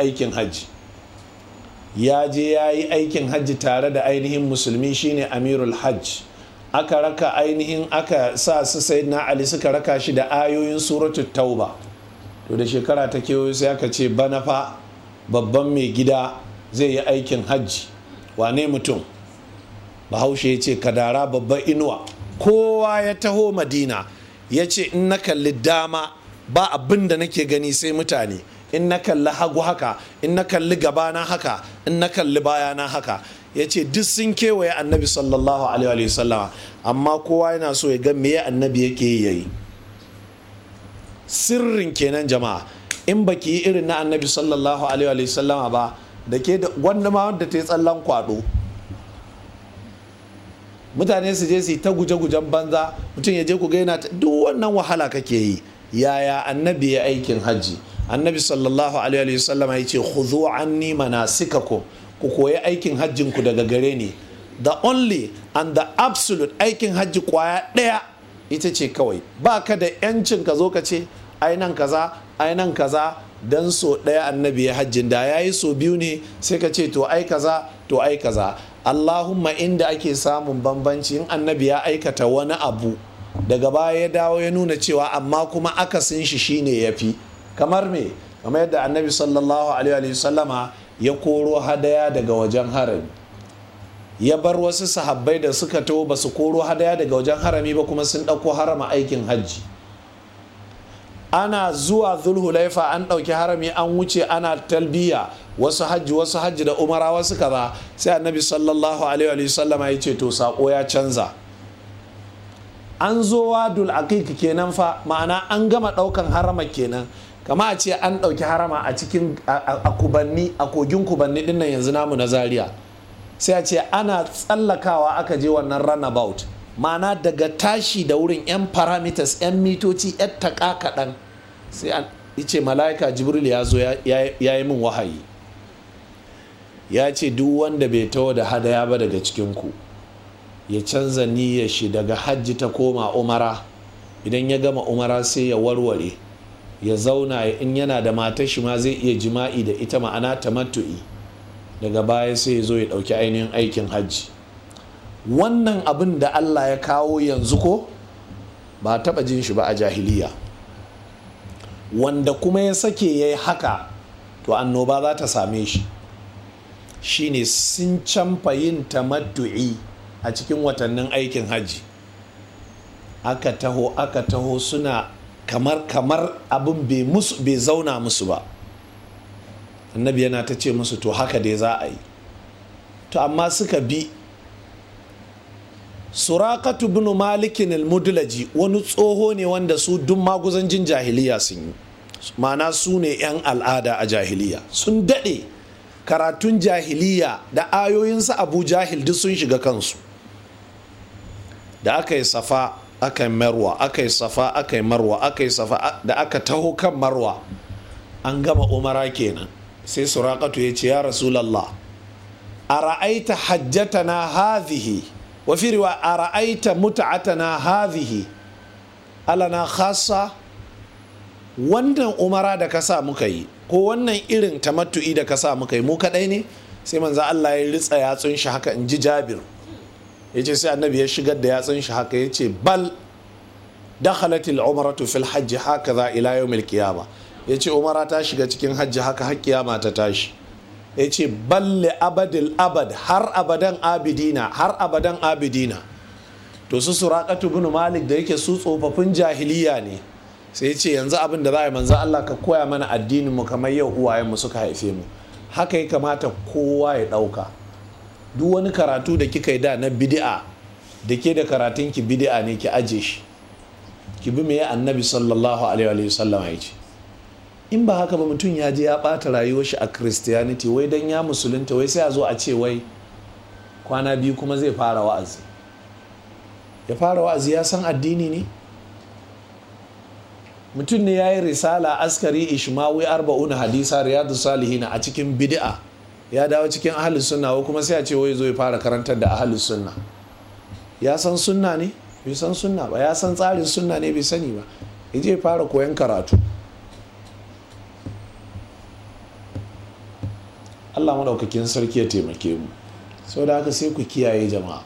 aikin hajji ya je ya yi aikin hajji tare da ainihin musulmi shine amirul hajj aka raka ainihin aka sa su na ali suka raka shi da ayoyin suratul tauba to da shekara ta kewayo sai aka ce bana fa babban mai gida zai yi aikin hajji wane mutum bahaushe ya ce kadara babban inuwa kowa ya taho madina ya ce in na kalli dama ba abin da nake gani sai mutane in na kalli hagu haka in na kalli gaba na haka in na kalli baya na haka ya ce duk sun kewaye annabi sallallahu alaihi sallama amma kowa yana so ya ga meye annabi yake yi yayi sirrin kenan jama'a in baki yi irin na annabi sallallahu alaihi sallama ba da ke da wanda ma wanda ta yi tsallan kwado mutane su je su yi ta guje-gujen banza mutum ya je ku ga yana duk wannan wahala kake yi yaya annabi ya aikin hajji annabi sallallahu alaihi wasallama ya ce khudhu anni manasikakum ku Ku koyi aikin hajjin ku daga gare ni the only and the absolute aikin hajji kwaya ɗaya ita ce kawai ba ka da yancin ka zo ka ce ai nan kaza ai nan kaza dan so ɗaya annabi ya hajjin da ya yi so biyu ne sai ka ce to ai kaza to ai kaza allahumma inda ake samun bambanci in annabi ya aikata wani abu daga baya ya dawo ya nuna cewa amma kuma akasin shi shine ya fi kamar me kamar yadda annabi sallallahu alaihi sallama ya koro hadaya daga wajen harami ya bar wasu sahabbai da suka taho ba su koro hadaya daga wajen harami ba kuma sun ɗauko harama aikin hajji ana zuwa zulhulaifa an ɗauki harami an wuce ana talbiya wasu hajji wasu hajji da umara wasu kaza sai annabi sallallahu alaihi sallama ya ce to saƙo ya canza an zo wadul aqiq kenan fa ma'ana an gama ɗaukan harama kenan kama a ce an ɗauki harama a cikin a a kogin kubanni dinnan yanzu namu na zaria sai a ce ana tsallakawa aka je wannan runabout ma'ana daga tashi da wurin 'yan parameters 'yan mitoci 'yan takakaɗan kaɗan sai an ce mala'ika jibril ya zo ya yi min wahayi ya ce duk wanda bai taho da hadaya ba daga cikinku ya canza niyyar shi daga hajji ta koma umara idan ya gama umara sai ya warware ya zauna in yana da matar shi ma zai iya jima'i da ita ma'ana ta tamattu'i daga baya sai ya zo ya ɗauki ainihin aikin hajji wannan abin da allah ya kawo yanzu ko ba taɓa jin shi ba a jahiliya wanda kuma ya sake ya yi haka to annoba za ta same shi shine sun canfa yin tamattu'i a cikin watannin aikin hajji aka taho aka taho suna kamar kamar abin bai zauna musu ba annabi yana ta ce musu to haka dai za a yi to amma suka bi surakatu bin malikin almudulaji wani tsoho ne wanda su duk jin jahiliya sun yi mana su ne 'yan al'ada a jahiliya sun daɗe karatun jahiliya da ayoyinsa abu jahil duk sun shiga kansu da aka yi safa aka yi marwa aka yi safa aka yi marwa aka yi safa da aka taho kan marwa an gama umara kenan sai surakatu ya ce ya rasulallah a ra'aita na hazihi wa firiwa a ra'aita mut'atana Ala alana khasa wannan umara da kasa muka yi ko wannan irin tamattu'i da kasa muka yi mu kaɗai ne sai manza Allah ya ritsa yatsun shi haka in ji Jabir ya ce sai annabi ya shigar da yatsun shi haka ya ce bal dakhalatil umratu fil hajji haka za ila yawmil qiyama ya ce umara ta shiga cikin hajji haka har kiyama ta tashi ya ce balle abadil abad har abadan abidina har abadan abidina to su suraqatu ibn malik da yake su tsofaffin jahiliya ne sai ya ce yanzu abin da za a yi manzo Allah ka koya mana addinin mu kamar yau uwayen mu suka haife mu haka ya kamata kowa ya ɗauka. duk wani karatu da kika yi da na bid'a da ke da karatun ki bid'a ne ki aje shi ki bi meye annabi sallallahu alaihi wa sallam ya ce in ba haka ba mutum ya je ya bata rayuwar shi a christianity wai dan ya musulunta wai sai a zo a ce wai kwana biyu kuma zai fara wa'azi ya fara wa'azi ya san addini ne mutum ne ya yi risala askari ishmawi arba'una hadisa riyadu salihina a cikin bid'a ya dawo cikin ahalus sunna ko kuma sai a ce wai zo ya fara karantar da ahalus sunna ya san sunna ne bai san sunna ba ya san tsarin sunna ne bai sani ba ya je fara koyan karatu Allah maɗaukakin sarki ya taimake mu sau da haka sai ku kiyaye jama'a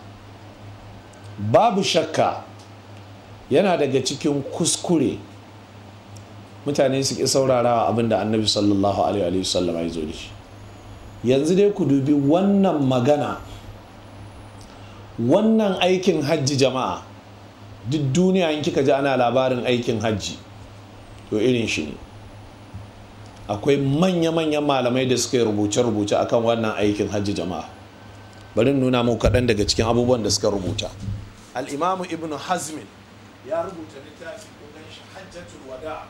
babu shakka yana daga cikin kuskure mutane su ƙi wa abinda da annabi sallallahu alaihi sallam ya zo da shi yanzu dai ku dubi wannan magana wannan aikin hajji jama'a duk duniya in kika ji ana labarin aikin hajji to irin shi ne akwai manya-manyan malamai da suka yi rubuce-rubuce akan wannan aikin hajji jama'a bari nuna mu kaɗan daga cikin abubuwan da suka rubuta al'imamu ibn hazmin ya rubuta littafi kudin shi hajjatul wada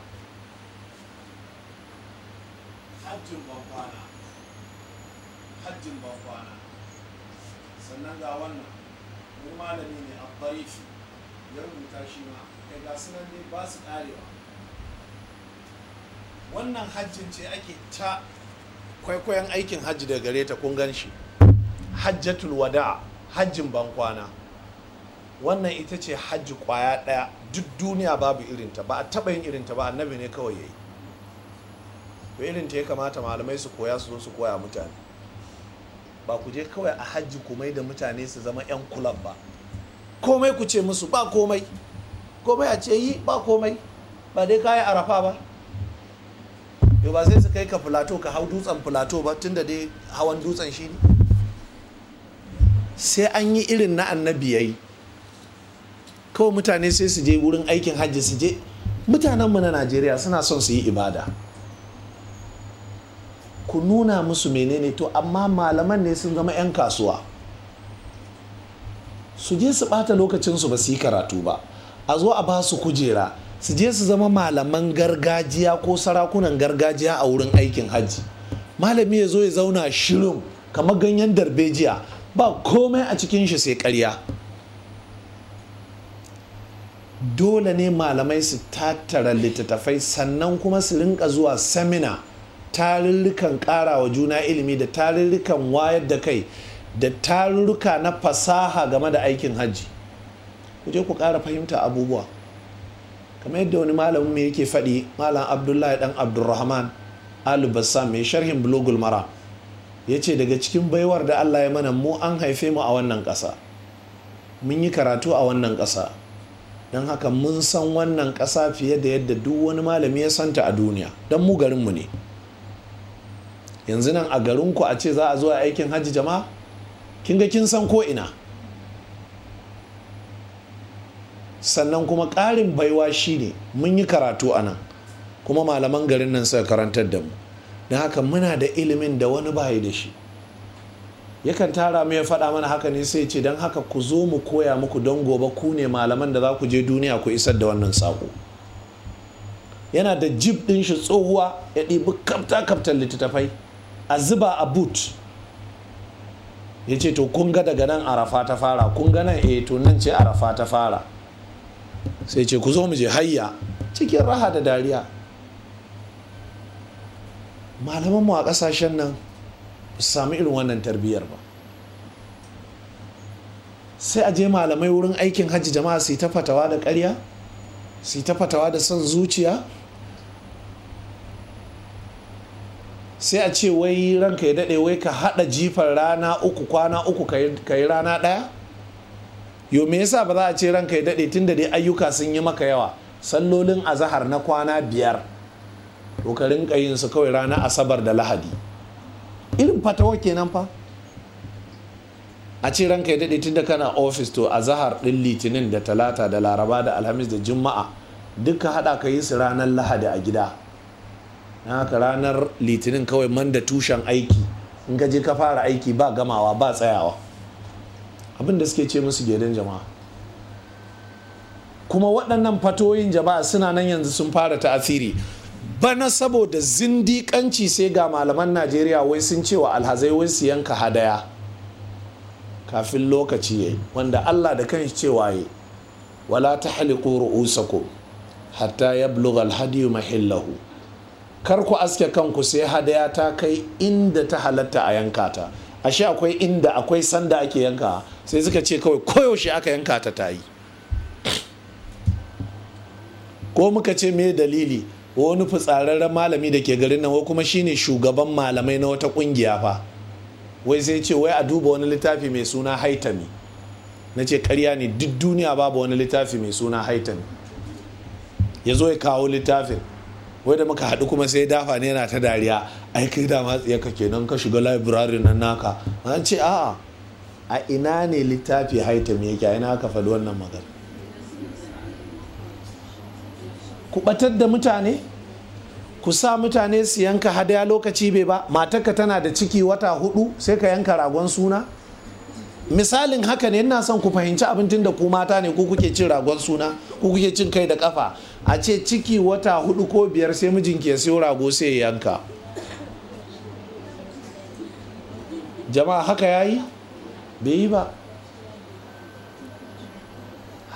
hajjin bankwana hajjin ban kwana sannan ga wannan wani malami ne a tarifi ya rubuta shi ma ya eh, ga sunan ne ba su karewa wannan hajjin ce ake ta kwaikwayon aikin hajji da gare ta kun gan shi hajjatul wada'a hajjin ban kwana wannan ita ce hajji kwaya daya duk duniya babu irinta ba a taɓa yin irinta ba annabi ne kawai ya yi irinta ya kamata malamai su koya su zo su koya mutane ba ku je kawai a hajji ku da mutane su zama 'yan kulab ba komai ku ce musu ba komai komai a ce yi ba komai ba dai kayan arafa ba yau ba sai su kai ka filato ka hau dutsen filato ba tunda dai hawan dutsen shi ne sai an yi irin na annabi yayi kawai mutane sai su je wurin aikin hajji su je mutanenmu na najeriya suna son su yi ibada ku nuna musu menene to amma malaman ne sun zama 'yan kasuwa su je su bata lokacinsu ba su yi karatu ba a zo a ba su kujera su je su zama malaman gargajiya ko sarakunan gargajiya a wurin aikin hajji malami ya zo ya zauna shirin kamar ganyen darbejiya ba komai a cikin shi sai karya. dole ne malamai su tattara littattafai sannan kuma su rinka zuwa seminar tarurrukan wa juna ilimi da tarurrukan wayar da kai da tarurruka na fasaha game da aikin hajji ku je ku ƙara fahimta abubuwa kamar yadda wani malamin mai yake faɗi malam abdullahi dan abdulrahman ali mai sharhin blogul mara ya ce daga cikin baiwar da allah ya mana mu an haife mu a wannan ƙasa mun yi karatu a wannan ƙasa don haka mun san wannan ƙasa fiye da yadda duk wani malami ya santa a duniya don mu garinmu ne yanzu nan a garinku a ce za a zo a aikin hajji jama'a kin ga kin san ko ina sannan kuma ƙarin baiwa shi ne mun yi karatu a nan kuma malaman garin nan suka karantar da mu don haka muna da ilimin da wani bayi da shi yakan tara mu ya faɗa mana haka ne sai ce don haka ku zo mu koya muku don gobe ku ne malaman da za ku je duniya ku isar da wannan saƙo yana da jib ɗin shi tsohuwa ya ɗibi kafta kaftan littattafai a zuba a boot ya ce to kun ga daga nan arafa ta fara kun ga nan eh to nan ce arafa ta fara sai ce ku zo mu je hayya cikin raha da dariya malamanmu a kasashen nan ba su sami irin wannan tarbiyyar ba sai a je malamai wurin aikin hajji jama'a su yi ta fatawa da karya, su yi ta fatawa da son zuciya sai a ce wai ranka ya daɗe wai ka haɗa jifar rana uku kwana uku ka rana ɗaya yo me yasa ba za a ce ranka ya daɗe tunda dai ayyuka sun yi maka yawa sallolin azahar na kwana biyar to ka rinka yin su kawai rana asabar da lahadi irin fatawa kenan fa a ce ranka ya daɗe tunda kana ofis to azahar ɗin litinin da talata da laraba da alhamis da juma'a duka haɗa ka yi su ranar lahadi a gida na haka ranar litinin kawai manda tushen aiki in ka je ka fara aiki ba gamawa ba tsayawa abin da suke ce musu gidan jama'a kuma waɗannan fatoyin jama'a suna nan yanzu sun fara ta'asiri bana saboda zindiƙanci sai ga malaman najeriya wai sun ce wa alhazai wai su yanka hadaya kafin lokaci yayi wanda allah da kan cewa waye wala ta haliku ru'usakum hatta ya alhadiyu mahillahu kar ku aske kanku sai hadaya ta kai inda ta halatta a yanka ta ashe akwai inda akwai sanda ake yanka sai suka ce kawai koyaushe aka yanka ta ta yi ko muka ce me dalili wani fitsararren malami da ke garin nan kuma shine shugaban malamai na wata kungiya fa wai sai ce wai a duba wani littafi mai suna haitami na ce karya ne duk duniya babu wani littafi mai suna haitami ya zo ya kawo littafin wai da muka haɗu kuma sai dafa ne yana ta dariya ai kai da matsiya ka kenan ka shiga library nan naka an ce a a ina ne littafi haitam yake a ina aka faɗi wannan magana ku ɓatar da mutane ku sa mutane su yanka hadaya lokaci bai ba matarka tana da ciki wata hudu sai ka yanka ragon suna misalin haka ne ina son ku fahimci abincin da ku mata ne ku kuke cin ragon suna ku kuke cin kai da kafa a ce ciki wata hudu ko biyar sai mijin ke siyo rago sai ya yanka jama'a haka ya yi bai yi ba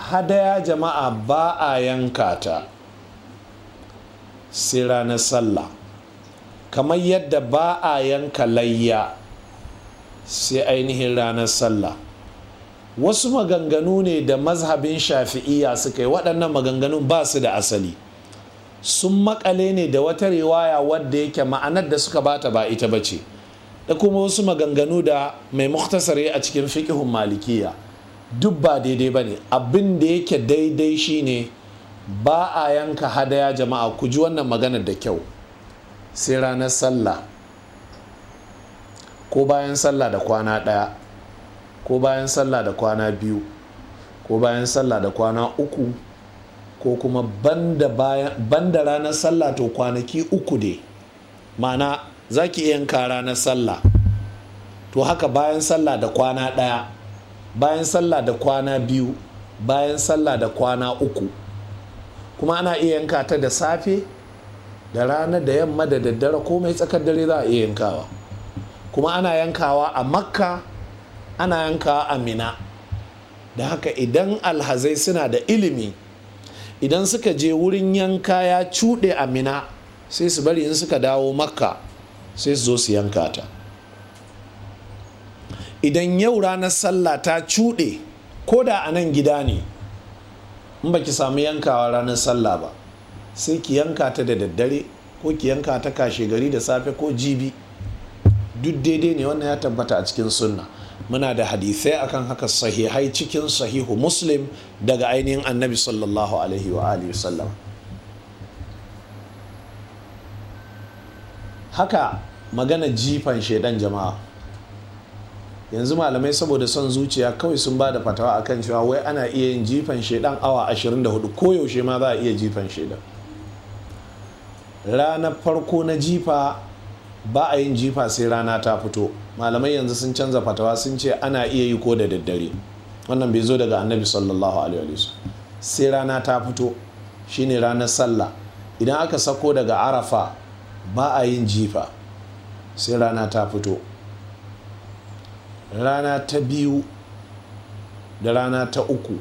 hadaya jama'a ba a yanka ta sai ranar sallah kamar yadda ba a yanka layya sai ainihin ranar sallah wasu maganganu ne da mazhabin shafi'iya suka yi waɗannan maganganun ba su da asali sun makale ne da wata riwaya wadda yake ma'anar da suka bata ba ita bace da kuma wasu maganganu da mai muktasari a cikin fikihun malikiya duk ba daidai ba ne abin da yake daidai shi ne ba a yanka hadaya jama'a ku ji wannan maganar da kyau sai ranar sallah ko bayan sallah da kwana ɗaya ko bayan sallah da kwana biyu ko bayan sallah da kwana uku ko kuma banda ranar sallah to kwanaki uku ne ma'ana za ki yanka ranar sallah to haka bayan sallah da kwana ɗaya bayan sallah da kwana biyu bayan sallah da kwana uku kuma ana iya yanka ta da safe da rana da yamma da daddare ko mai tsakar dare za a iya yankawa kuma ana yankawa a makka ana yanka a da haka idan alhazai suna da ilimi idan suka je wurin yanka ya cuɗe Amina sai su bari in suka dawo makka sai su zo su yanka ta idan yau ranar sallah ta cuɗe ko da a nan gida ne in ba baki samu yankawa ranar sallah ba sai ki yanka ta da daddare ko ki yanka ta kashe gari da safe ko jibi duk daidai ne wannan ya tabbata a cikin sunna muna da hadisai akan haka sahihai cikin sahihu muslim daga ainihin annabi sallallahu alaihi wa alihi sallam haka magana jifan shaidan jama'a yanzu malamai saboda son zuciya kawai sun ba da fatawa akan cewa wai ana iya yin jifan shaidan awa 24 koyaushe ma za a iya jifan shaidan ranar farko na jifa ba a yin jifa sai rana ta fito malamai yanzu sun canza fatawa sun ce ana iya yi ko da daddare wannan bai zo daga annabi sallallahu alaihi sai rana ta fito shine ranar sallah idan aka sako daga arafa ba a yin jifa sai rana ta fito rana ta biyu da rana ta uku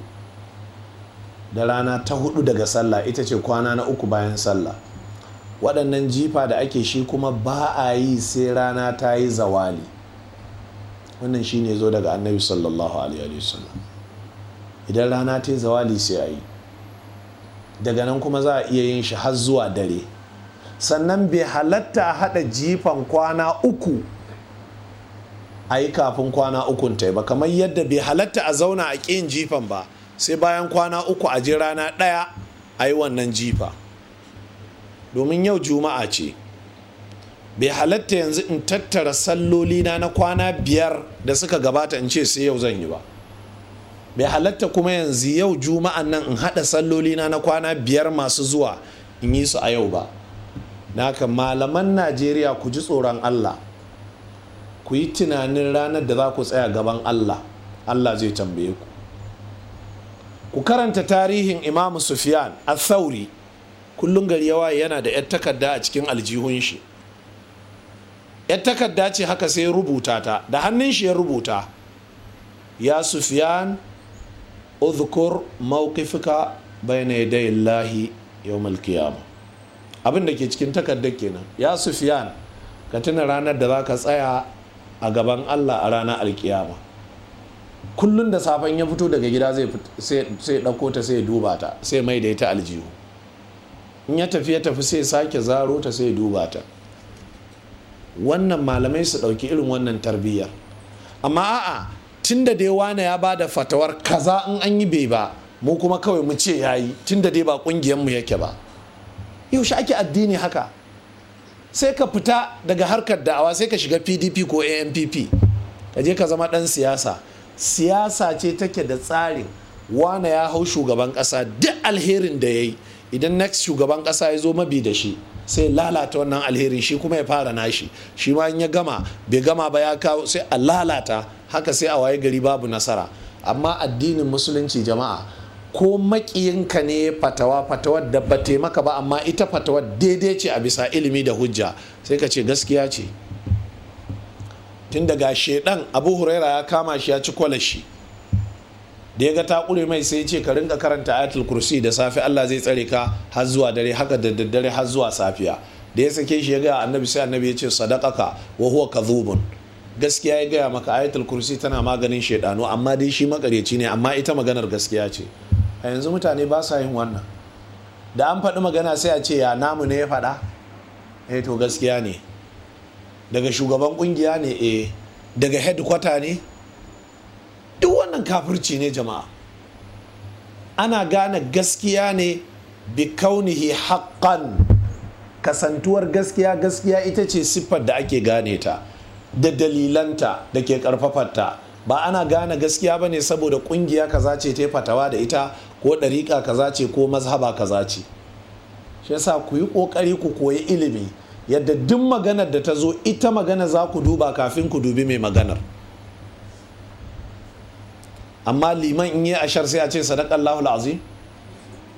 da rana ta hudu daga sallah ita ce kwana na uku bayan sallah waɗannan jifa da ake shi kuma ba a yi sai rana ta yi zawali wannan shi ne zo daga annabi sallallahu alaihi wasallam idan rana ta yi zawali sai a yi daga nan kuma za a iya yin shi har zuwa dare sannan bai halatta a haɗa jifan kwana uku a yi kafin kwana ukun ta ba kamar yadda bai halatta a zauna a ƙin jifan ba sai bayan kwana uku a ji rana ɗaya a yi wannan jifa domin yau juma'a ce bai halatta yanzu in tattara sallolina na kwana biyar da suka gabata in ce sai yau zan yi ba bai halatta kuma yanzu yau juma'an nan in haɗa sallolina na kwana biyar masu zuwa in yi su a yau ba naka malaman najeriya ku ji tsoron allah ku yi tunanin ranar da za ku tsaya gaban allah allah zai tambaye ku ku karanta tarihin imamu sufiyan a sauri kullum gari ya yawa yana da 'yar takarda a cikin aljihun shi 'yar takarda ce haka sai rubuta ta da hannun shi ya rubuta ya sufiyan uzkur mawqifika bayna yaday yawmal qiyamah abin da ke cikin takardar kenan ya sufiyan ka tuna ranar da za ka tsaya a gaban allah a ranar alkiyama kullum da safen ya fito daga gida zai ɗauko ta sai duba ta sai mai da ita aljihu in ya tafi ya tafi sai sake zaro ta sai duba ta wannan malamai su ɗauki irin wannan tarbiyya amma a'a tun da dai wane ya ba da fatawar kaza in an yi bai ba mu kuma kawai mu ce ya yi tun da dai ba ƙungiyarmu yake ba yaushe ake addini haka sai ka fita daga harkar da'awa sai ka shiga pdp ko ampp ka je ka zama ɗan siyasa siyasa ce take da tsarin wane ya hau shugaban ƙasa duk alherin da ya yi idan next shugaban kasa ya zo mabi da shi sai lalata wannan alherin shi kuma ya fara nashi shi ma in ya gama bai gama ba ya kawo sai a lalata haka sai a waye gari babu nasara amma addinin musulunci jama'a ko makiyinka ne fatawa fatawar da ba taimaka ba amma ita fatawar daidai ce a bisa ilimi da hujja sai ka ce gaskiya ce tun daga shedan abu huraira ya kama shi ya ci kwalashi da ya ga ta kure mai sai ce ka rinka karanta ayatul kursi da safe Allah zai tsare ka har zuwa dare haka da daddare har zuwa safiya da ya sake shi ya ga annabi sai annabi ya ce sadaqaka wa huwa kadhubun gaskiya ya gaya maka ayatul kursi tana maganin shaidanu amma dai shi makareci ne amma ita maganar gaskiya ce a yanzu mutane ba sa yin wannan da an faɗi magana sai a ce ya namu ne ya faɗa eh to gaskiya ne daga shugaban kungiya ne eh daga headquarter ne duk wannan kafirci ne jama'a ana gane gaskiya ne bi kaunihi haƙƙan kasantuwar gaskiya gaskiya ita ce siffar da ake gane ta da dalilanta da ke ta ba ana gane gaskiya ba ne saboda kungiya kaza ce ta fatawa da ita ko ɗariƙa kaza ce ko mazhaba kaza ce shi yasa ku yi ƙoƙari ku koyi ilimi yadda duk maganar da ta zo ita magana za ku duba kafin ku dubi mai maganar. amma liman in yi ashar sai a ce Allahul azim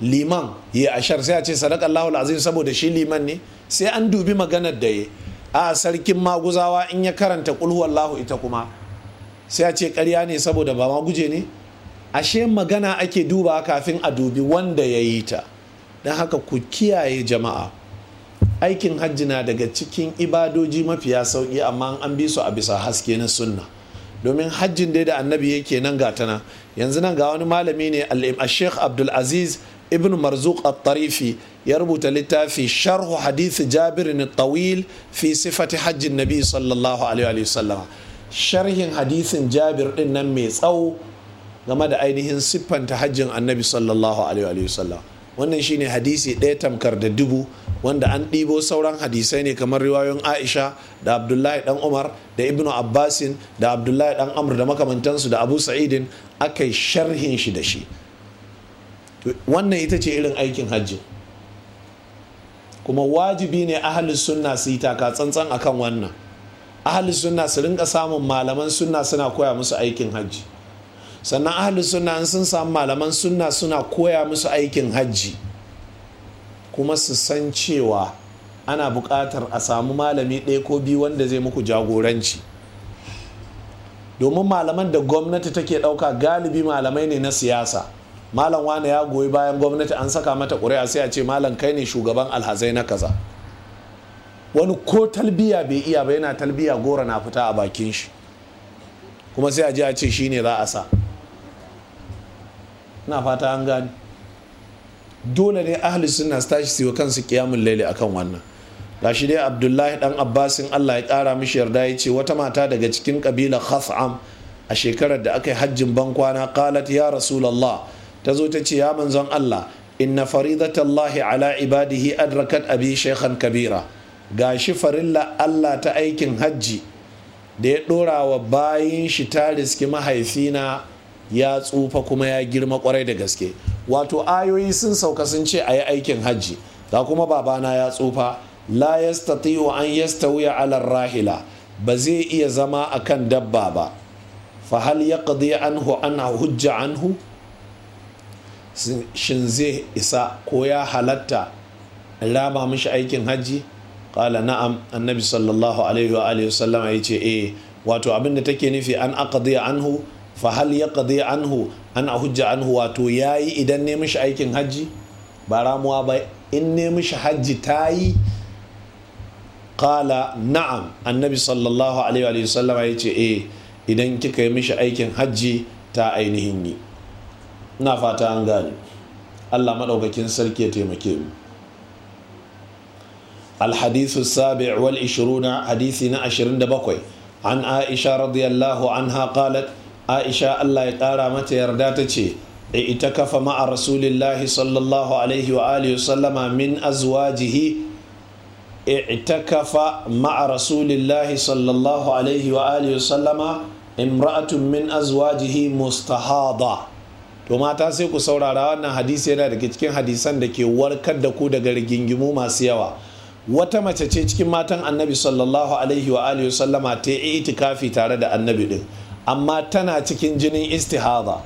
liman yi ashar sai a ce Allahul azim saboda shi liman ne sai an dubi maganar da ya a sarkin maguzawa in ya karanta Allahu ita kuma sai a ce karya ne saboda ba maguje ne ashe magana ake duba kafin a dubi wanda ya yi ta don haka ku kiyaye jama'a aikin hajji na daga cikin ibadoji mafiya sauƙi amma an bi su a bisa haske na sunna domin hajjin dai da annabi yake nan ga yanzu nan ga wani malami ne al-sheikh abdul aziz ibn marzuq at-tarifi ya rubuta littafi sharhu hadith jabir at-tawil fi sifati hajjin nabi sallallahu alaihi wa sallama sharhin hadisin jabir din nan mai tsawo game da ainihin siffanta hajjin annabi sallallahu alaihi wa sallam wannan shine hadisi ɗaya tamkar da dubu wanda an ɗibo sauran hadisai ne kamar riwayoyin aisha da abdullahi dan umar da ibnu abbasin da abdullahi dan amr da makamantansu da abu sa'idin aka yi sharhin shi da shi wannan ita ce irin aikin hajji kuma wajibi ne ahalus sunna su yi taka tsantsan a kan wannan ahalus sunna su rinka samun malaman sunna suna koya musu aikin hajji sannan ahalus sunna sun samu malaman sunna suna koya musu aikin hajji kuma su san cewa ana buƙatar a samu malami ɗaya ko biyu wanda zai muku jagoranci domin malaman da gwamnati take ɗauka galibi malamai ne na siyasa malam wani ya goyi bayan gwamnati an saka mata ƙuri'a sai a ce malam kai ne shugaban alhazai na kaza wani ko talbiya bai iya ba yana talbiya gora na fita a bakin shi kuma sai a ji a ce shine za a sa na fata an gani dole ne ahli suna tashi su kansu kiyamun laili akan wannan gashi dai abdullahi dan abbasin allah ya kara mishi yarda ya ce wata mata daga cikin kabila khas'am a shekarar da aka yi hajjin bankwana qalat ya rasulallah ta zo ta ce ya manzon allah inna faridatallahi ala ibadihi adrakat abi shaykhan kabira Ga shi farilla allah ta aikin hajji da ya dora wa bayin shi ta riski mahaifina ya tsufa kuma ya girma kwarai da gaske wato ayoyi sun sauka sun ce a yi aikin hajji Da kuma babana ya tsufa la yastati'u an yastawiya ala rahila ba zai iya zama akan dabba ba fa hal yaqdi anhu an hujja anhu shin zai isa ko ya halatta rama mishi aikin hajji qala na'am annabi sallallahu alaihi wa alihi wasallama ce, eh wato abinda take nufi an aqdi anhu fa hal yaqdi anhu an hujja anhu wato yayi idan ne mishi aikin hajji ba ramuwa ba in ne mishi hajji tayi qala na'am annabi sallallahu alaihi wa sallam ya ce eh idan kika yi mishi aikin hajji ta ainihin yi ina fata an gane Allah madaukakin sarki ya taimake mu الحديث السابع والعشرون حديثنا عشرين دبقوي عن عائشة رضي الله عنها قالت aisha allah ya ƙara mata yarda ta ce e, ita kafa ma'a rasulillahi sallallahu alaihi wa alihi sallama min azwajihi اعتكف e, kafa ma'a الله sallallahu alaihi عليه وآله sallama امرأة min azwajihi mustahada. to mata sai ku saurara wannan hadisi yana daga cikin hadisan da ke warkar da ku daga rigingimu masu yawa wata mace ce cikin matan annabi sallallahu alaihi wa alihi sallama ta yi itikafi tare da annabi din amma tana cikin jinin istihada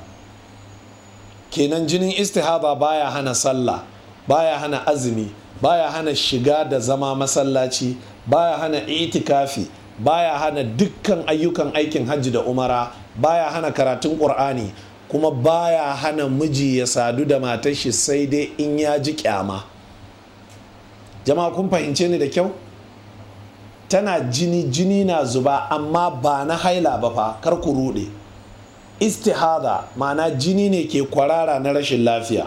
kenan jinin istihada baya hana sallah baya hana azumi baya hana shiga da zama masallaci baya hana itikafi baya hana dukkan ayyukan aikin hajji da umara baya hana karatun ƙur'ani kuma baya hana miji ya sadu da matashi sai dai in ya ji kyama jama'a kun fahimce ni da kyau tana jini jini na zuba amma ba na haila ba fa kar ku rude istihada ma'ana jini ne ke kwarara na rashin lafiya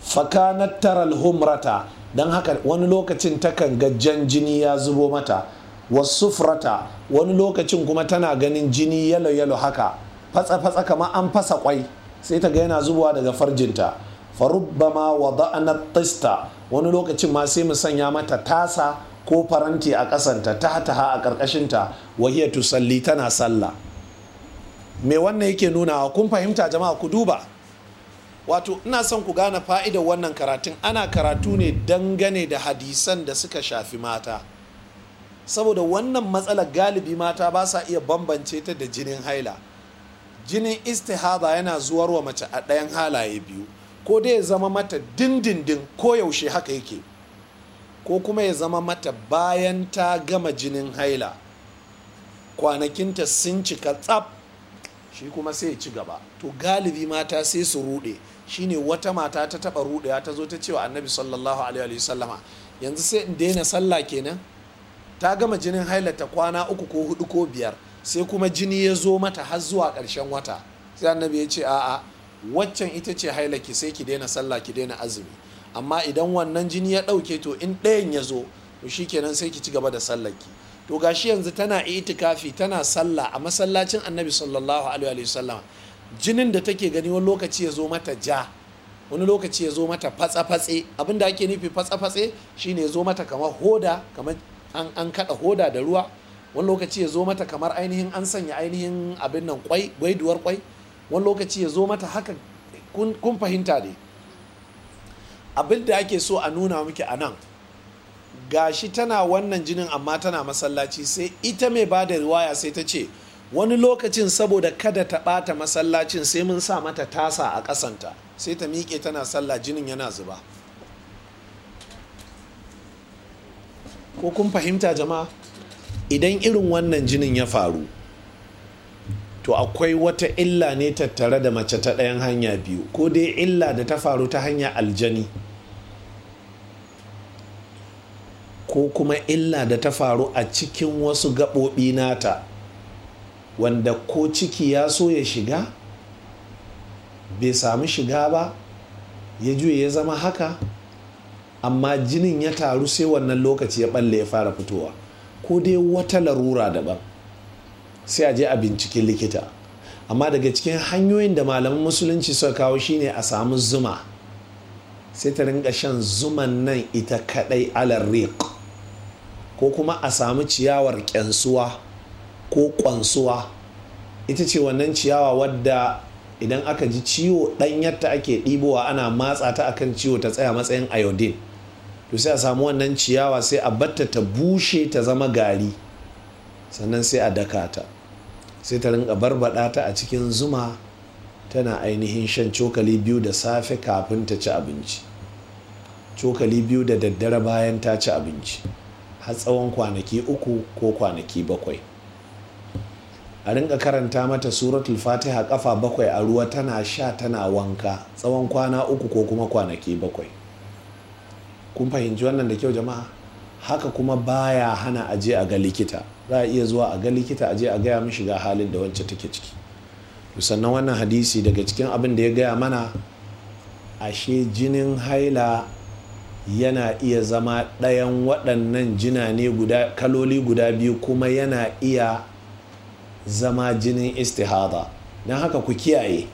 fakanattar alhumrata humrata don haka wani lokacin takan ga jan jini ya zubo mata wasufrata wani lokacin kuma tana ganin jini yalo yalo haka fatsa fatsa kama an fasa kwai sai ta ga yana zubowa daga farjinta farubbama wada'anat tista wani lokacin ma sai mu sanya mata tasa ko faranti a ƙasanta ta hataha a ƙarƙashinta wahiyar tusalli tana sallah me wannan yake nuna kun fahimta jama'a ku duba wato ina son ku gane fa'idar wannan karatun ana karatu ne dangane da hadisan da suka shafi mata saboda wannan matsalar galibi mata ba sa iya bambance ta da jinin haila jinin istihada yana zuwar wa mace a ɗayan halaye biyu ko dai ya zama mata dindindin ko yaushe haka yake ko kuma ya zama mata bayan ta gama jinin haila kwanakinta sun cika tsab. shi kuma sai ya ci gaba to galibi mata sai su rude shine wata mata ta taba rude, ta zo ta cewa annabi sallallahu alaihi sallama yanzu sai in daina sallah kenan ta gama jinin haila ta kwana uku ko hudu ko biyar sai kuma jini ya zo mata har zuwa karshen wata sai annabi ya ce a'a waccan ita ce haila ki sai ki daina sallah ki daina azumi amma idan wannan jini ya ɗauke to in ɗayan ya zo to kenan sai ki ci gaba da sallaki to gashi yanzu tana itikafi tana sallah a masallacin annabi sallallahu alaihi wasallam jinin da take gani wani lokaci ya zo mata ja wani lokaci ya zo mata fatsa-fatse abin da ake nufi fatsa-fatse shine ya zo mata kamar hoda kamar an, an kada hoda da ruwa wani lokaci ya zo mata kamar ainihin an sanya ainihin abin nan kwai gwaiduwar kwai wani lokaci ya zo mata haka kun, kun fahimta ne abinda ake so a nuna miki a nan gashi tana wannan jinin amma tana masallaci sai ita mai ba da riwaya sai ta ce wani lokacin saboda kada ta ɓata masallacin sai mun sa mata tasa a ƙasanta sai ta miƙe tana sallah jinin yana zuba ko kun fahimta jama'a idan irin wannan jinin ya faru to akwai wata illa ne tattare da mace ta ɗayan hanya biyu ko dai illa da ta faru ta hanya aljani ko kuma illa da ta faru a cikin wasu gaɓoɓi nata wanda ko ciki ya so ya shiga bai samu shiga ba ya juye ya zama haka amma jinin ya taru sai wannan lokaci ya ɓalle ya fara fitowa ko dai wata larura daban sai a je a binciken likita amma daga cikin hanyoyin da malaman musulunci suka kawo shine a samu zuma sai ta ringa shan zuman nan ita kadai alar ko kuma a samu ciyawar kyansuwa ko kwansuwa ita ce wannan ciyawa wadda idan aka ji ciwo ɗanyarta ake ɗibowa ana matsa ta akan ciwo ta tsaya matsayin iodine to sai a samu wannan ciyawa sai a batta ta bushe ta zama gari sannan sai a daka ta sai ta rinka barbaɗata ta a cikin zuma tana ainihin shan cokali biyu da safe kafin ta ci abinci cokali biyu da daddare bayan ta ci abinci har tsawon kwanaki uku ko kwanaki bakwai a rinka karanta mata suratul fatiha kafa bakwai a ruwa tana sha tana wanka tsawon kwana uku ko kuma kwanaki bakwai kun fahimci wannan da kyau jama'a haka kuma baya hana aje a ga likita za a iya zuwa a ga likita a je a gaya mishi ga halin da wancan take ciki sannan wannan hadisi daga cikin abin da ya gaya mana ashe jinin haila yana iya zama ɗayan waɗannan jina guda kaloli guda biyu kuma yana iya zama jinin istihada don haka ku kiyaye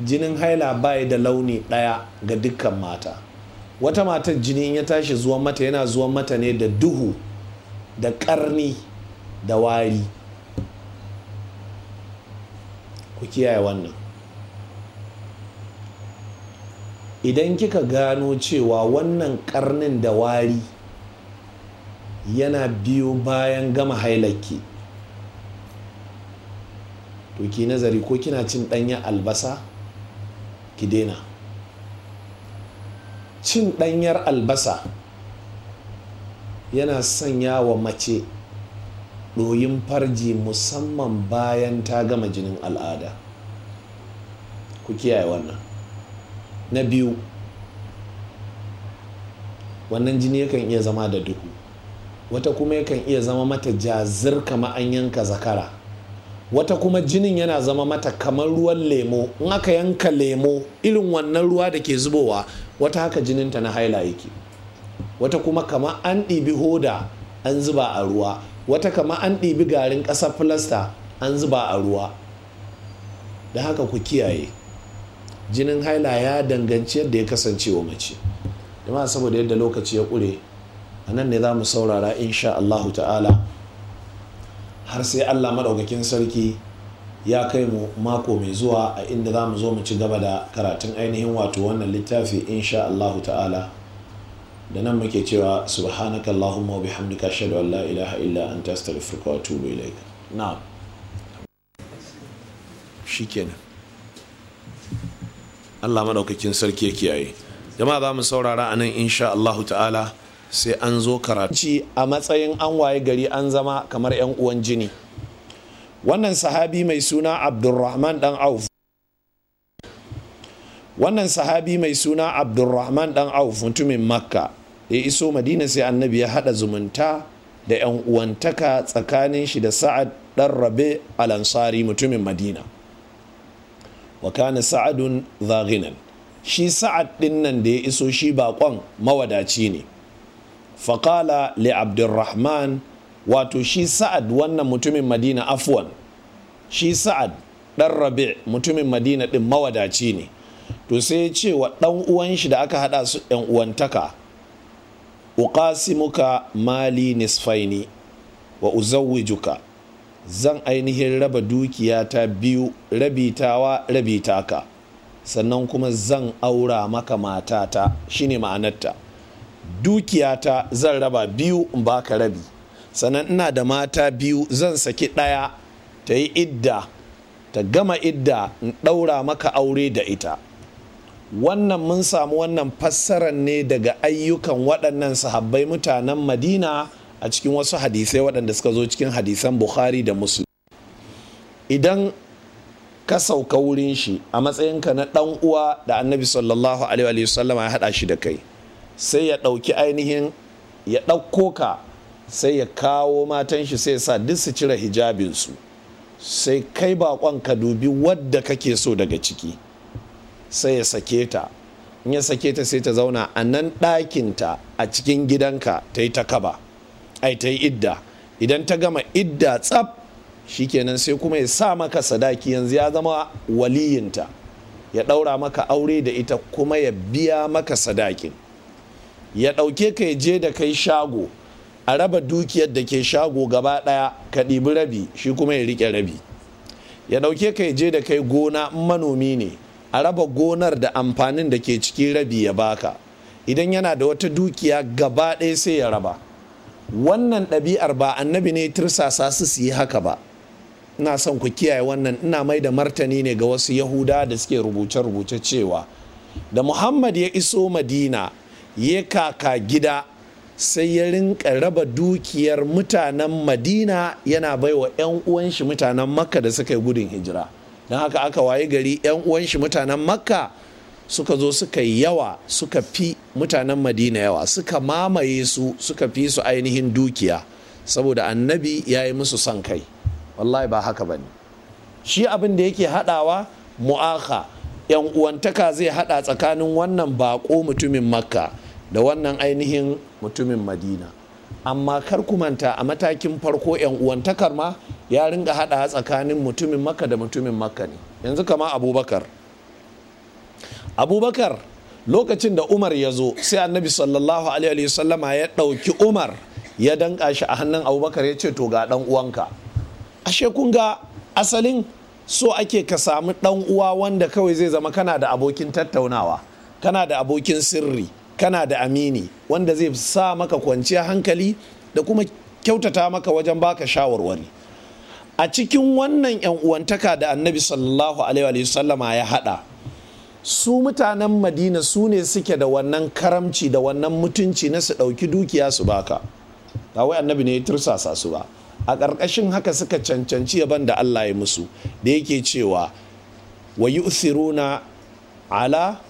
jinin haila bai da launi ɗaya ga dukkan mata wata matar jini ya tashi zuwan mata yana zuwan mata ne da duhu da ƙarni da wari ku kiyaye wannan idan kika gano cewa wannan ƙarnin da wari yana biyo bayan gama hailaki to ki nazari ko kina cin ɗanyen albasa ki daina cin ɗanyar albasa yana sanya wa mace ɗoyin farji musamman bayan ta gama jinin al'ada ku kiyaye wannan na biyu wannan jini yakan iya zama da duhu wata kuma yakan iya zama mata jazir kama an yanka zakara wata kuma jinin yana zama mata kamar ruwan lemo in aka yanka lemo irin wannan ruwa da ke zubowa wata haka jininta na haila yake wata kuma kama an ɗibi hoda an zuba a ruwa wata kama an ɗibi garin ƙasar filasta an zuba a ruwa da haka ku kiyaye jinin haila ya danganci yadda ya kasance wa mace dama saboda yadda lokaci ya ƙure a nan ne za mu saurara insha Allahu ta'ala har sai Allah maɗaukakin sarki ya kai mu mako mai zuwa a inda za mu zo mu ci gaba da karatun ainihin wato wannan littafi insha Allahu ta'ala da nan muke cewa subhanaka allahumma wa bihamdika ashhadu an la ilaha illa anta astaghfiruka wa atubu ilaik na'am shikenan Allah madaukakin sarki ya kiyaye jama'a za mu saurara a nan insha Allahu ta'ala sai an zo karaci a matsayin an waye gari an zama kamar yan uwan jini wannan sahabi mai suna abdurrahman dan Auf wannan sahabi mai suna abdurrahman dan Auf mutumin Makka ya iso madina sai annabi ya haɗa zumunta da 'yan uwantaka tsakanin shi da sa'ad ɗan rabe alansari mutumin madina wa kana sa'adun zaghinan shi sa'ad ɗin nan da ya iso shi baƙon mawadaci ne faƙala li abdurrahman wato shi sa'ad wannan mutumin madina afwan shi sa'ad ɗan rabe mutumin madina ɗin mawadaci ne to sai ya ce wa ɗan uwan shi da aka haɗa su ‘yan uwantaka uqasimuka mali nisfaini wa uzawwijuka zan ainihin raba dukiyata biyu rabitawa rabitaka sannan kuma zan aura maka matata shine ma'anarta dukiyata zan raba biyu in baka rabi sannan ina da mata biyu zan saki ɗaya ta yi idda ta gama idda in ɗaura maka aure da ita wannan mun samu wannan fassarar ne daga ayyukan waɗannan sahabbai mutanen madina a cikin wasu hadisai waɗanda suka zo cikin hadisan bukhari da muslim idan ka sauka wurin shi a matsayinka na ɗan uwa da annabi sallallahu alaihi wasallama ya haɗa shi da kai sai ya ɗauki ainihin ya ɗauko ka sai ya kawo matan shi sai ya sa duk su cire hijabinsu sai kai baƙon ka dubi wadda kake so daga ciki sai ya sake ta in ya sake ta sai ta zauna a nan ɗakinta a cikin gidanka ta yi ta kaba ai ta yi idda idan ta gama idda tsaf kenan sai kuma ya sa maka sadaki yanzu ya zama waliyinta ya ɗaura maka aure da ita kuma ya biya maka sadakin ya ɗauke ka ya je da kai shago a raba dukiyar da ke shago gaba ɗaya ka ɗibi rabi shi kuma ya riƙe rabi ya ɗauke ka ya je da kai gona manomi ne a raba gonar da amfanin da ke cikin rabi ya baka idan yana da wata dukiya gaba ɗaya sai ya raba wannan ɗabi'ar ba annabi ne tirsasa su su yi haka ba ina son ku kiyaye wannan ina mai da martani ne ga wasu yahuda da suke rubuce-rubuce cewa da muhammad ya iso madina ya kaka gida sai ya rinka raba dukiyar mutanen madina yana baiwa 'yan uwan mutanen makka da suka yi gudun hijira don haka aka waye gari 'yan uwan shi mutanen makka suka zo suka yi yawa suka fi mutanen madina yawa suka mamaye su suka fi su ainihin dukiya saboda annabi ya yi musu son kai wallahi ba haka ba ne shi abin da yake haɗawa mu'aka yan uwantaka zai haɗa tsakanin wannan bako mutumin makka da wannan ainihin mutumin madina amma kar ku manta a matakin farko yan uwantakar ma ya ringa hada tsakanin mutumin maka da mutumin maka ne yanzu kama abubakar abubakar lokacin da umar ya zo sai annabi sallallahu alaihi wasallama ya dauki umar ya danka shi a hannun abubakar ya ce to ga dan uwanka ashe kun ga asalin so ake ka samu dan uwa wanda kawai zai zama kana da abokin tattaunawa kana da abokin sirri kana da amini wanda zai sa maka kwanciya hankali da kuma kyautata maka wajen baka shawarwari a cikin wannan yan uwantaka da annabi sallallahu alaihi sallama ya hada su mutanen madina su ne suke da wannan karamci da wannan mutunci na su ɗauki dukiya su baka ba wai annabi ne ya tursasa su ba a ƙarƙashin haka suka cancanci yaban da Allah ya musu da yake cewa wa yu'thiruna ala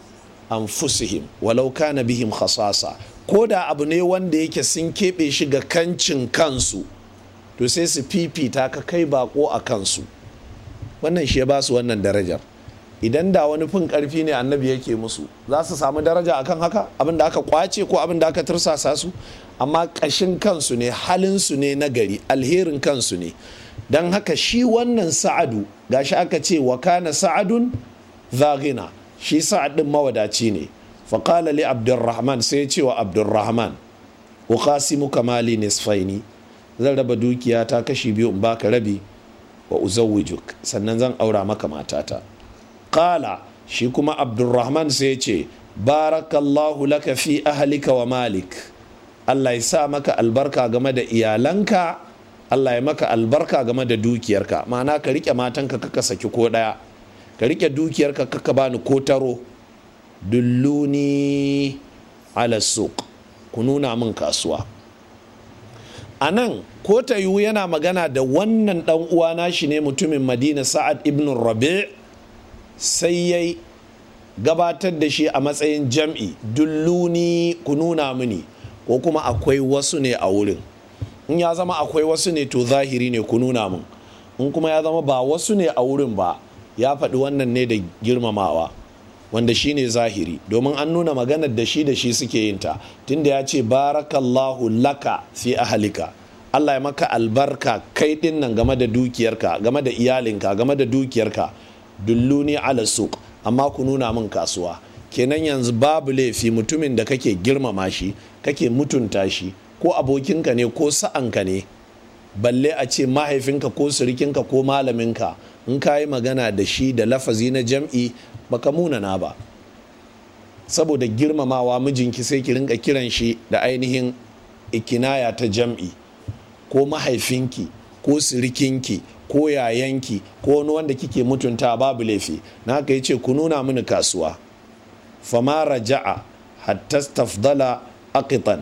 anfusihim walau kana bihim khasasa ko da abu ne wanda yake sun keɓe shi ga kancin kansu to sai su fifita ka kai bako a kansu wannan shi ya ba su wannan darajar idan da wani fin karfi ne annabi yake musu za su samu daraja akan haka abinda aka kwace ko abin da aka tursasa su amma ƙashin kansu ne halinsu ne na gari alherin kansu ne don haka shi wannan sa'adu gashi aka ce wa kana sa'adun zagina shi sa'ad ɗin mawadaci ne faƙala li abdurrahman sai ce wa abdurrahman uqasimu kamali nisfaini zan raba dukiya ta kashi biyu in baka rabi wa uzawwijuk sannan zan aura maka matata qala shi kuma abdurrahman sai ce barakallahu laka fi ahlika wa malik Allah ya sa maka albarka game da iyalanka Allah ya maka albarka game da dukiyarka ma'ana ka rike matanka ka saki ko ɗaya ka rike dukiyarka kaka bani ko taro dulluni ala suk ku nuna min kasuwa a nan ko ta yiwu yana magana da wannan dan uwa nashi ne mutumin madina sa'ad ibn rabi sai ya gabatar da shi a matsayin jam'i dulluni ku nuna mini ko kuma akwai wasu ne a wurin in ya zama akwai wasu ne to zahiri ne ku nuna min in kuma ya zama ba wasu ne a wurin ba ya faɗi wannan ne da girmamawa wanda shi ne zahiri domin an nuna maganar da shi da shi suke yin ta tunda ya ce barakallahu laka fi ahalika Allah ya maka albarka kai din nan game da dukiyarka game da iyalinka game da dukiyarka dulluni ala suq amma ku nuna min kasuwa kenan yanzu babu laifi mutumin da kake girmama shi kake mutunta shi ko abokinka ne ko sa'anka ne balle a ce mahaifinka ko sirikinka ko malaminka in ka yi magana da shi da lafazi na jam'i baka munana ba saboda girmamawa mijinki sai ki rinka kiran shi da ainihin ikinaya ta jam'i ko mahaifinki ko sirikinki ko yayanki ko wani wanda kike mutunta babu laifi na ka ce ku nuna mini kasuwa fama raja'a hatta tafdala aqitan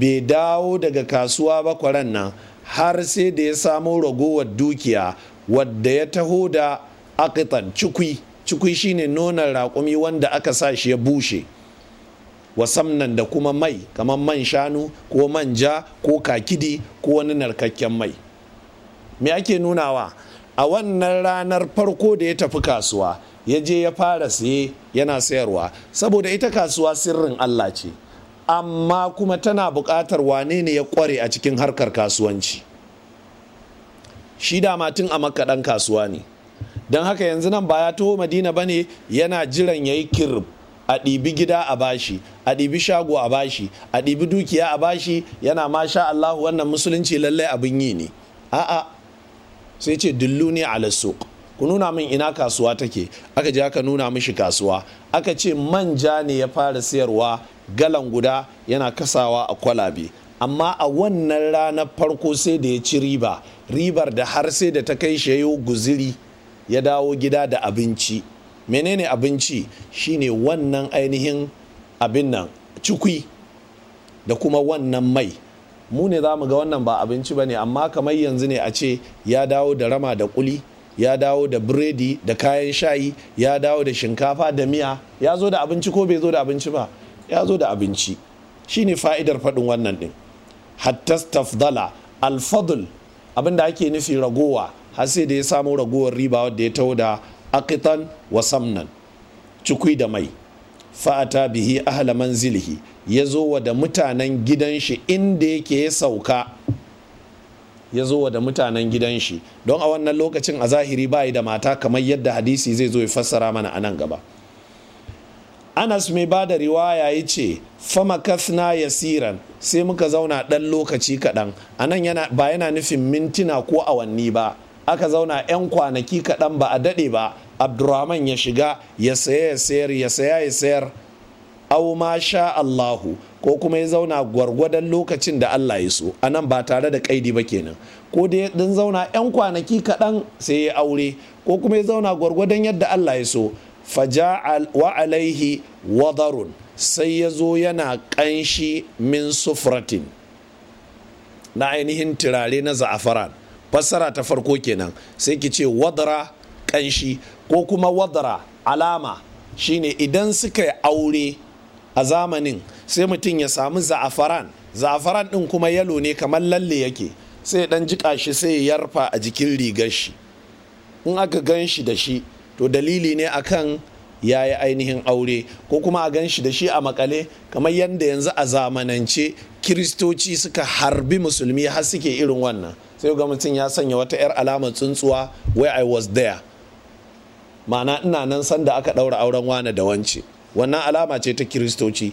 bai dawo daga kasuwa ba kwaran nan har sai da ya samo ragowar dukiya wadda ya taho da akitan cikwi cikwi shine nonon raƙumi wanda aka sa shi ya bushe wasamnan da kuma mai kamar man shanu ko manja ko kakidi ko wani narkakken mai me ake nunawa a wannan ranar farko da ya tafi kasuwa ya je ya fara saye yana sayarwa saboda ita kasuwa sirrin allah ce amma kuma tana buƙatar wane ne ya ƙware a cikin harkar kasuwanci shi dama a makaɗan kasuwa ne don haka yanzu nan ba ya taho madina ba ne yana jiran ya yi kirib; a ɗibi gida a bashi a ɗibi shago a bashi a ɗibi dukiya a bashi yana masha Allahu wannan musulunci lallai abin yi ne a'a sai ce ne ala suq ku nuna min ina kasuwa take aka je aka nuna mishi kasuwa aka ce manja ne ya fara siyarwa galan guda yana kasawa a kwalabe amma a wannan ranar farko sai da ya ci riba ribar da har sai da ta kai shi yayo guziri ya dawo gida da abinci menene abinci shine wannan ainihin abin nan cikwi da kuma wannan mai mu ne za mu ga wannan ba abinci ba ne amma kamar yanzu ne a ce ya dawo da rama da kuli ya dawo da biredi da kayan shayi ya dawo da shinkafa da miya ya zo da abinci ko bai zo da abinci ba ya zo da abinci shine fa'idar faɗin wannan ɗin hatta stafdala abinda abin ake nufi ragowa har sai da ya samu ragowar riba wadda ya taho da akitan wa samnan cikui da mai fa'ata bihi ahla manzilihi ya zo wa da mutanen gidan shi inda yake ya sauka ya zo da mutanen gidan shi don a wannan lokacin a zahiri bayi da mata kamar yadda hadisi zai zo ya fassara mana a nan gaba anas mai ba da riwaya ya ce fama ya yasiran sai muka zauna ɗan lokaci kaɗan a nan ba yana nufin mintina ko awanni ba aka zauna 'yan kwanaki kaɗan ba a daɗe ba abdurrahman ya shiga ya saya ya sayar ya saya ya sayar au ma sha Allahu ko kuma ya zauna gwargwadon lokacin da Allah ya so a nan ba tare da kaidi ba kenan ko da ya dan zauna 'yan kwanaki kaɗan sai ya aure ko kuma ya zauna gwargwadon yadda Allah ya so faja wa alaihi wadarun sai ya zo yana ƙanshi min sufratin na ainihin turare na za'afaran fassara ta farko kenan sai ki ce wadara ƙanshi ko kuma wadara alama shine idan suka yi aure a zamanin sai mutum ya samu za'afaran za'afaran ɗin kuma yalo ne kamar lalle yake sai ɗan jika shi sai ya yarfa a jikin rigar shi in aka gan shi da shi to dalili ne akan ya yi ainihin aure ko kuma a gan shi da shi a makale kamar yadda yanzu a zamanance kiristoci suka harbi musulmi har suke irin wannan sai ga mutum ya sanya wata 'yar alamar tsuntsuwa where i was there ma'ana ina nan sanda aka ɗaura auren wane da wance wannan alama ce ta kiristoci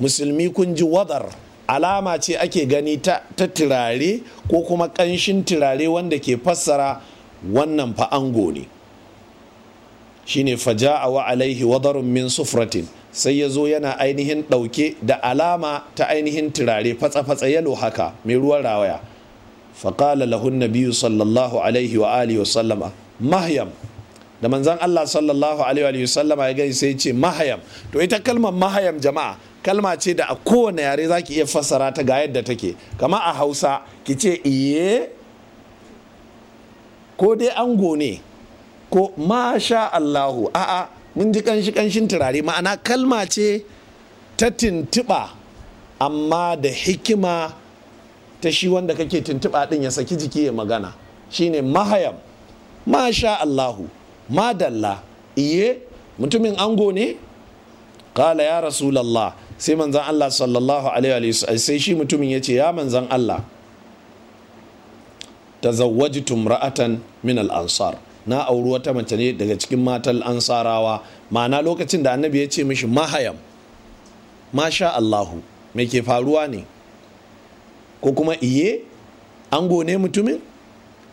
musulmi kun ji wadar alama ce ake gani ta, ta turare ko kuma ƙanshin turare wanda ke fassara wannan fa'ango ne shine faja'a wa alaihi wadarun min sufratin sai ya zo yana ainihin ɗauke da alama ta ainihin turare fatsa-fatsa yalo haka mai ruwan rawaya faƙala lahun nabiyu sallallahu alaihi wa alihi wa sallama mahyam da manzan Allah sallallahu alaihi wa sallama ya gani sai ya ce mahayam to ita kalmar mahayam jama'a kalma ce da a kowane yare zaki iya fassara ta ga yadda take kama a Hausa ki ce iye ko dai ango ne ko masha Allahu a'a mun ji kanshi kanshin turare ma'ana kalma ce ta tintiba amma da hikima ta shi wanda kake tuntuɓa ɗin ya saki jiki ya magana shine mahayam masha Allahu madalla iye mutumin ango ne kala ya rasulallah sai manzan Allah sallallahu alaihi wa sai shi mutumin ya ce ya manzan Allah Ta zawaji tumra'atan min al na auri wata mace ne daga cikin matan ansarawa ma'ana lokacin da annabi ya ce mishi mahayam masha Allahu mai ke faruwa ne ko kuma iye ango ne mutumin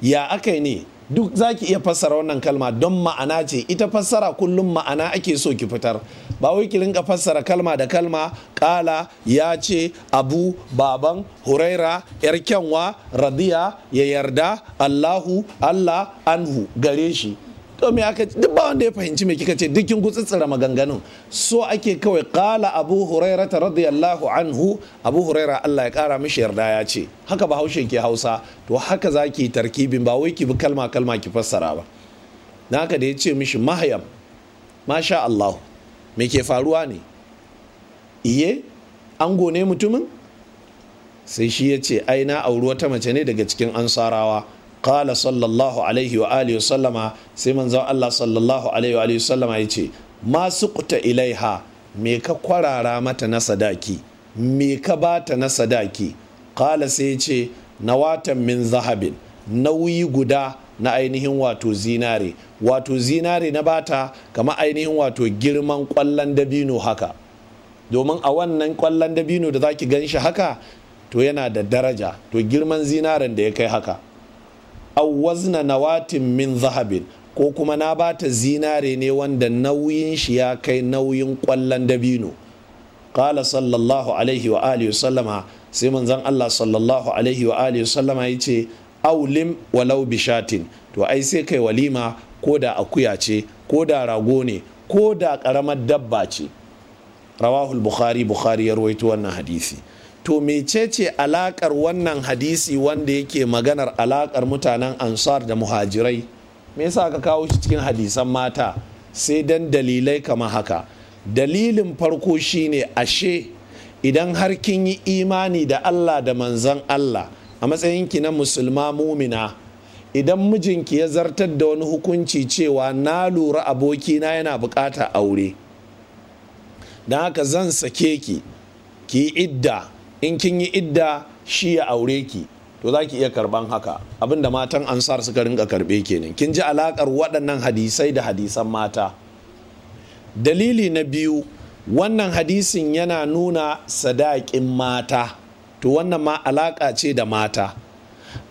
ya aka ne duk za ki iya fassara wannan kalma don ma'ana ce ita fassara kullum ma'ana ake so ki fitar ba wai ki rinka fassara kalma da kalma kala ya ce abu baban huraira yar kyanwa radiya ya yarda allahu allah anhu gare shi to me aka duk ba wanda ya fahimci me kika ce dukkin gutsutsura maganganun so ake kawai kala abu huraira ta radiyallahu anhu abu huraira Allah ya kara mishi yarda ya ce haka ba haushe ke hausa to haka za ki tarkibin ba wai ki bi kalma kalma ki fassara ba na haka da ya ce mishi mahayam masha Allah me ke faruwa ne iye an gone mutumin sai shi ya ce ai na auri wata mace ne daga cikin ansarawa qala sallallahu alaihi wa alihi wa sallama sai manzon Allah sallallahu alaihi wa alihi wa sallama yace ma suqta ilaiha me ka kwarara mata na sadaki me ka bata na sadaki kala sai yace nawatan min zahabin nauyi guda na ainihin wato zinare wato zinare na bata kama ainihin wato girman kwallon dabino haka domin a wannan kwallon dabino da zaki ki ganshi haka to yana da daraja to girman zinaren da ya kai haka aw wazna nawatin min zahabin ko kuma na ba ta zinare ne wanda nauyin shi ya kai nauyin kwallon dabino qala sallallahu alaihi wa alihi sallama sai manzon Allah sallallahu alaihi wa alihi sallama yace aulim walau bishatin to ai sai kai walima ko da akuya ce ko da rago ne ko da karamar dabba ce rawahul bukhari bukhari ya rawaito wannan hadisi to mecece alakar wannan hadisi wanda yake maganar alakar mutanen ansar da muhajirai me yasa ka kawo shi cikin hadisan mata sai dan dalilai kama haka dalilin farko shine ashe idan har kin yi imani da allah da manzan allah a matsayinki na musulma mumina idan mijinki ya zartar da wani hukunci cewa na lura abokina yana bukata aure don haka zan sake ki ki idda in kin yi idda shi ya aure ki to za ki iya karban haka abinda matan ansar suka rinka karbe kenan kin ji alakar waɗannan hadisai da hadisan mata dalili na biyu wannan hadisin yana nuna sadakin mata to wannan ma alaka ce da mata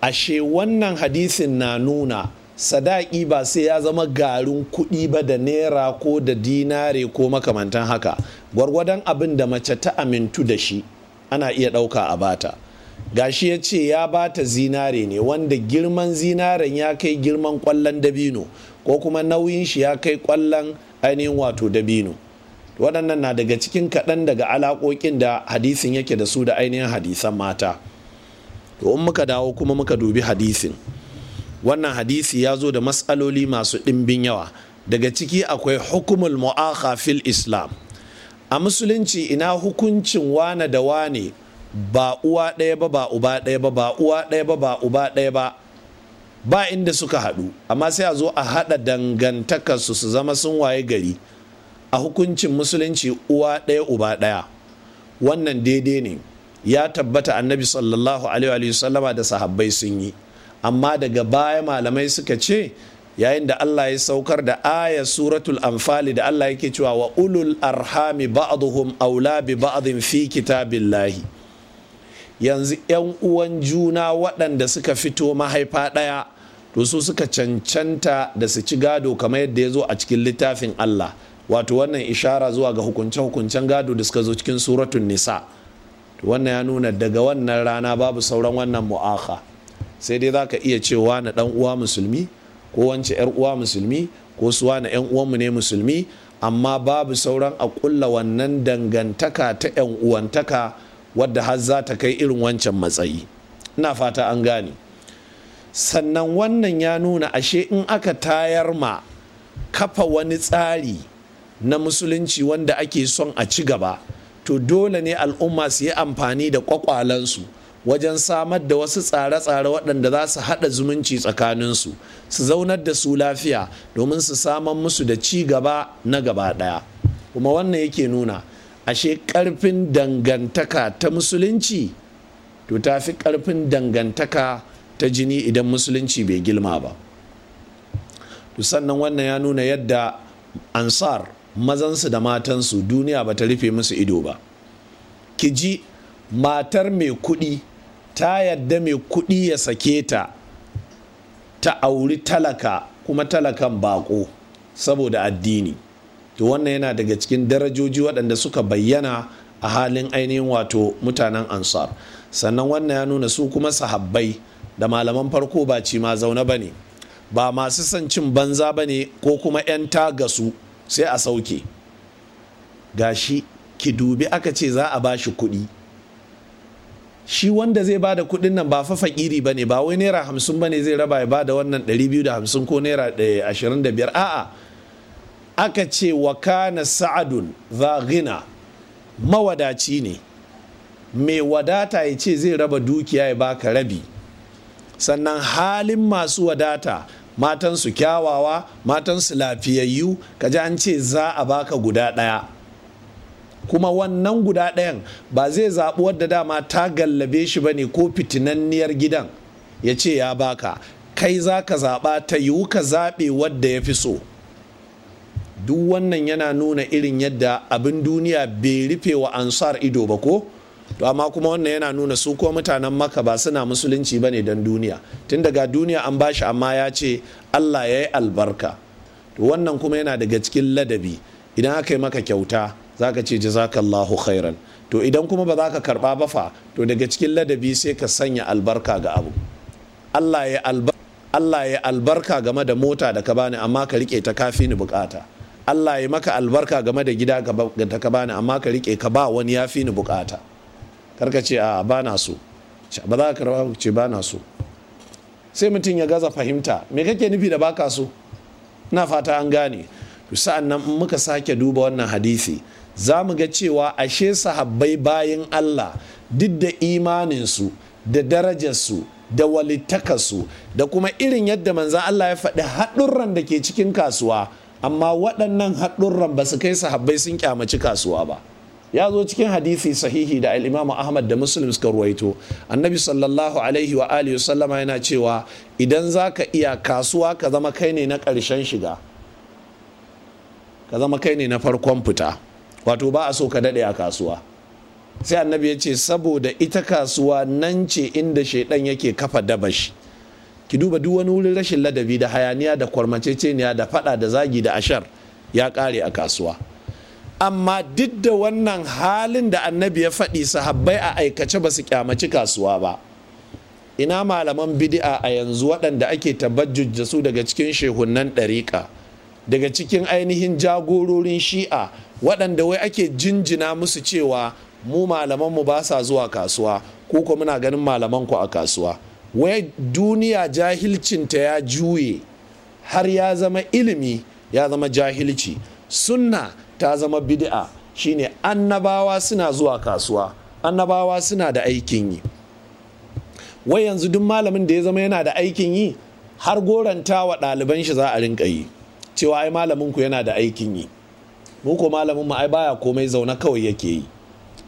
ashe wannan hadisin na nuna sadaki ba sai ya zama garin kuɗi ba da naira ko da dinare ko makamantan haka gwargwadon abin da mace ta amintu da shi ana iya ɗauka a bata gashi ya ce ya bata zinare ne wanda girman zinaren ya kai girman kwallon dabino ko kuma nauyin shi ya kai kwallon ainihin wato dabino waɗannan na daga cikin kaɗan daga alaƙoƙin da hadisin yake da su da ainihin hadisan mata to in muka dawo kuma muka dubi hadisin wannan hadisi ya zo da matsaloli masu ɗimbin yawa daga ciki akwai hukumul mu'akha fil islam a musulunci ina hukuncin wane da wane ba uwa ɗaya ba ba uba ɗaya ba ba uwa ɗaya ba ba uba ɗaya ba ba inda suka haɗu amma sai a zo a haɗa dangantakarsu su zama sun waye gari a hukuncin musulunci uwa ɗaya uba ɗaya wannan daidai ne ya tabbata annabi sallallahu alaihi wa sallama da sahabbai sun yi amma daga baya malamai suka ce yayin da Allah ya saukar da aya suratul anfali da Allah yake cewa wa ulul arhami ba'dhum aula bi ba'dhin fi kitabillahi yanzu yan uwan juna waɗanda suka fito mahaifa ɗaya to su suka cancanta da su ci gado kamar yadda ya zo a cikin littafin Allah wato wannan ishara zuwa ga hukunce-hukuncen gado da suka zo cikin suratun nisa To wannan ya nuna daga wannan rana babu sauran wannan mu'aka sai dai zaka iya cewa na ɗan uwa musulmi ko wance yar uwa musulmi ko suwa na yan uwanmu ne musulmi amma babu sauran a kulla wannan dangantaka ta yan uwantaka wadda har za ta kai irin wancan matsayi ina fata an gane sannan wannan ya nuna ashe in aka tayar ma kafa wani tsari na musulunci wanda ake son a ci gaba to dole ne al'umma su yi amfani da kwakwalansu wajen samar da wasu tsare-tsare waɗanda za su haɗa zumunci tsakaninsu su zaunar da su lafiya domin su samar musu da ci gaba na gaba ɗaya kuma wannan yake nuna ashe ƙarfin dangantaka ta musulunci to ta fi ƙarfin dangantaka ta jini idan musulunci bai gilma ba to sannan wannan ya nuna yadda ansar mazansu da matansu duniya ba ta rufe musu ido ba ki ji matar mai kuɗi ta yadda mai kuɗi ya sake ta ta auri talaka kuma talakan baƙo saboda addini to wannan yana daga cikin darajoji waɗanda suka bayyana a halin ainihin wato mutanen ansar sannan wannan ya nuna su kuma sahabbai da malaman farko ba ci ma zaune ba ne ba masu son cin banza ba ne ko kuma 'yan su sai a sauke gashi ki dubi aka ce za a bashi kuɗi shi wanda zai ba da kuɗin nan ba fa fakiri bane ba wai naira hamsin bane zai raba ya bada wannan ɗari biyu ko naira eh, ashirin a'a aka ce wa kana sa'adun za gina mawadaci ne mai wadata ya ce zai raba dukiya ya baka rabi sannan halin masu wadata matansu kyawawa matansu lafiyayyu kaji an ce za a baka guda ɗaya kuma wannan guda ɗayan ba zai zaɓi wadda dama ta gallabe shi ba ne ko fitinanniyar gidan ya ce ya baka kai za ka zaɓa ta yiwu ka zaɓe wadda ya fi so duk wannan yana nuna irin yadda abin duniya bai rufe wa ansar ido ba ko to amma kuma wannan yana nuna su ko mutanen maka ba suna musulunci ba ne don duniya tun daga duniya an bashi amma ya ce allah ya yi albarka to wannan kuma yana daga cikin ladabi idan aka yi maka kyauta za ka ce jazakallahu khairan to idan kuma ba za ka karba ba fa to daga cikin ladabi sai ka sanya albarka ga abu Allah ya albarka albarka game da mota da ka bani amma ka rike ta kafi ni bukata Allah ya maka albarka game da gida da ka bani amma ka rike ka ba wani ya fi ni bukata karka ce a ba na so ba za ka karba ce ba na so sai mutum ya gaza fahimta me kake nufi da baka so na fata an gane sa'an nan muka sake duba wannan hadisi za mu ga cewa ashe sahabbai bayan Allah duk da imaninsu da darajarsu da walittakarsu da kuma irin yadda manzan Allah ya faɗi haɗurran da ke cikin kasuwa amma waɗannan haɗurran ba su kai sahabbai sun kyamaci kasuwa ba ya zo cikin hadisi sahihi da al'imamu ahmad da muslim suka ruwaito annabi sallallahu alaihi wa alihi sallama yana cewa idan za ka iya kasuwa ka zama kai ne na ƙarshen shiga ka zama kai ne na farkon fita wato ba a so ka daɗe a kasuwa sai annabi ya ce saboda ita kasuwa nan ce inda shaidan yake kafa dabashi ki duba duk wani wurin rashin ladabi da hayaniya da kwarmaceceniya da fada da zagi da ashar ya kare a kasuwa amma duk da wannan halin da annabi ya faɗi sahabbai a aikace ba su kyamaci kasuwa ba ina malaman bidi'a a yanzu waɗanda ake tabajjuj daga cikin shehunan ɗariƙa daga cikin ainihin jagororin shi'a waɗanda wai ake jinjina musu cewa mu malaman mu ba sa zuwa kasuwa ko kuma muna ganin malaman ku a kasuwa wai duniya jahilcinta ya juye har ya zama ilimi ya zama jahilci sunna ta zama bid'a shine annabawa suna zuwa kasuwa annabawa suna da aikin yi wai yanzu duk malamin da ya zama yana da aikin yi har goranta wa ɗaliban shi za a rinka yi cewa ai malamin ku yana da aikin yi mu ko malamin mu ai baya komai zaune kawai yake yi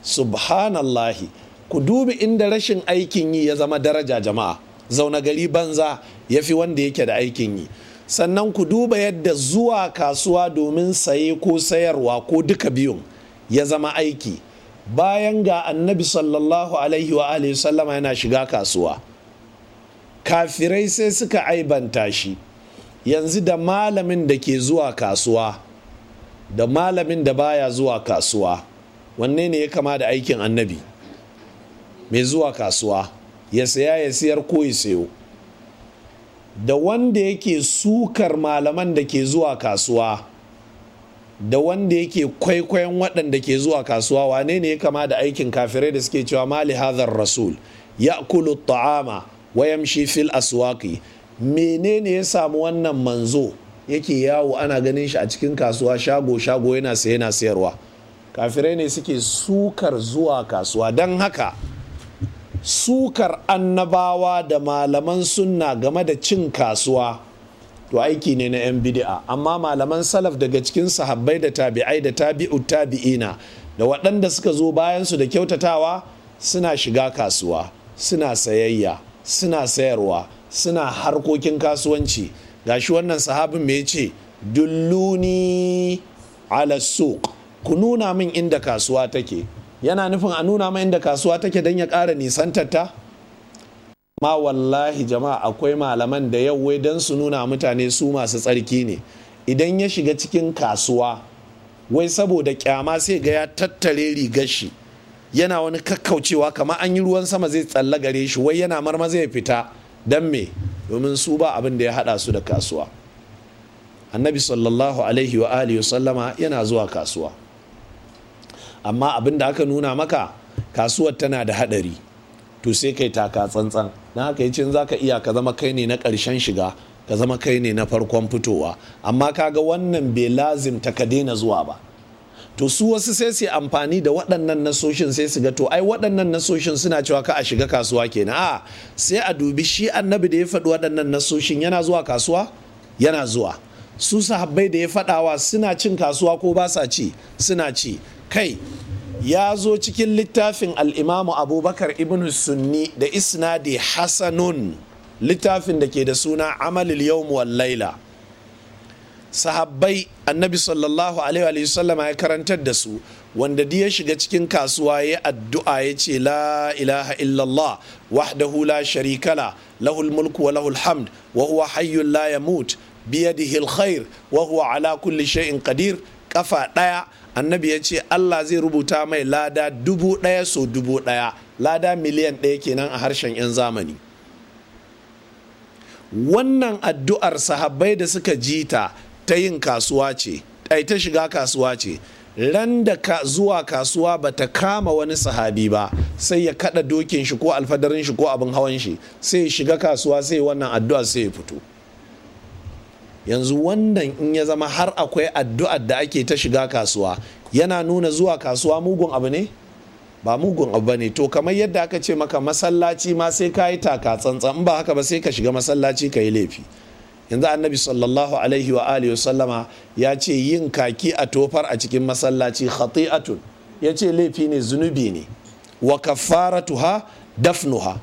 subhanallahi ku dubi inda rashin aikin yi ya zama daraja jama'a zauna gari banza ya fi wanda yake da aikin yi sannan ku duba yadda zuwa kasuwa domin saye ko sayarwa ko duka biyun ya zama aiki bayan ga annabi sallallahu alaihi wa alihi sallama yana shiga kasuwa kafirai sai suka aibanta shi yanzu da malamin da ke zuwa kasuwa da malamin da baya zuwa kasuwa wanne ne ya kama da aikin annabi mai zuwa kasuwa ya saya ya siyar ko ya sayo da wanda yake sukar malaman da ke zuwa kasuwa da wanda yake kwaikwayon waɗanda ke zuwa kasuwa wane ne ya kama da aikin kafirai da suke cewa mali hadar rasul ya kulu ta'ama shi fil aswaki menene ya samu wannan manzo yake yawo ana ganin shi a cikin kasuwa shago shago yana saye yana sayarwa kafirai ne suke sukar zuwa kasuwa don haka sukar annabawa da malaman sunna game da cin kasuwa to aiki ne na 'yan bidi'a amma malaman salaf daga cikin sahabbai da tabi'ai da tabi'u tabi'ina da waɗanda suka zo bayan su da kyautatawa suna shiga kasuwa suna sayayya suna sayarwa suna harkokin kasuwanci ga shi wannan sahabin me ce dulluni ala suq ku nuna min inda kasuwa take yana nufin a nuna min inda kasuwa take don ya ƙara tatta? ma wallahi jama'a akwai malaman da yau wai don su nuna mutane su masu tsarki ne idan ya shiga cikin kasuwa wai saboda kyama sai ga ya tattare rigar shi yana wani kakkaucewa kamar an yi ruwan sama zai tsalla gare shi wai yana marmaza zai fita don me domin su ba abin da ya hada su da kasuwa annabi sallallahu alaihi wa alihi sallama yana zuwa kasuwa amma abin da aka nuna maka kasuwar tana da hadari to sai kai taka tsantsan na haka yi za ka iya ka zama kai ne na karshen shiga ka zama kai ne na farkon fitowa amma kaga wannan bai lazim ta ka daina zuwa ba to su wasu sai su amfani da waɗannan nasoshin sai su ga to ai waɗannan nasoshin suna cewa ka a shiga kasuwa kenan a sai a dubi shi annabi da ya faɗi waɗannan nasoshin yana zuwa kasuwa yana zuwa su sahabbai da ya faɗawa suna cin kasuwa ko ba sa ci suna ci kai ya zo cikin littafin al'imamu abubakar ibn sunni da isnadi hasanun littafin da ke da suna amalil yawm wal laila sahabbai annabi sallallahu alaihi sallama ya karantar da su wanda ya shiga cikin kasuwa ya addu'a ya ce la ilaha illallah wahdahu la sharikala lahul mulku wa lahul hamd wa huwa hayyun la yamut yadihi alkhair wa huwa ala kulli shay'in qadir kafa daya annabi ya ce Allah zai rubuta mai lada dubu daya so dubu daya lada miliyan daya kenan a harshen 'yan zamani wannan addu'ar sahabbai da suka jita. ta yin kasuwa ce ai ta shiga kasuwa ce ran da ka zuwa kasuwa ba ta kama wani sahabi ba sai ya kada dokin shi ko alfadarin shi ko abin hawan shi sai ya shiga kasuwa sai wannan addu'a sai ya fito yanzu wannan in ya zama har akwai addu'a da ake ta shiga kasuwa yana nuna zuwa kasuwa mugun abu ne ba mugun abu ne to kamar yadda aka ce maka masallaci ma sai ka yi taka tsantsan ba haka ba sai ka shiga masallaci ka yi laifi yanzu annabi sallallahu alaihi wa alihi sallama ya ce yin kaki a tofar a cikin masallaci khati'atun ya ce laifi ne zunubi ne wa kafaratuha dafnuha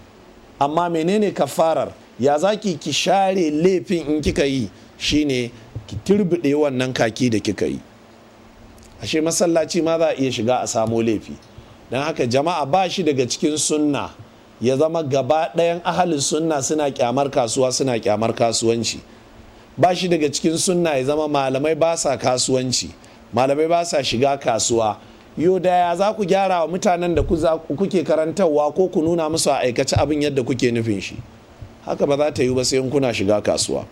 amma menene kafarar ya zaki ki share laifin in kika yi shine ki turbide wannan kaki da kika yi ashe masallaci ma za a iya shiga a samo laifi don haka jama'a ba shi daga cikin sunna ya zama gaba ɗayan ahalin sunna suna kyamar kasuwa suna kyamar kasuwanci ba shi daga cikin sunna ya zama malamai ba sa kasuwanci malamai ba sa shiga kasuwa yo da ya za ku gyara wa mutanen da kuke karantarwa ko ku nuna musu a aikace abin yadda kuke nufin shi haka ba za ta yi ba sai in kuna shiga kasuwa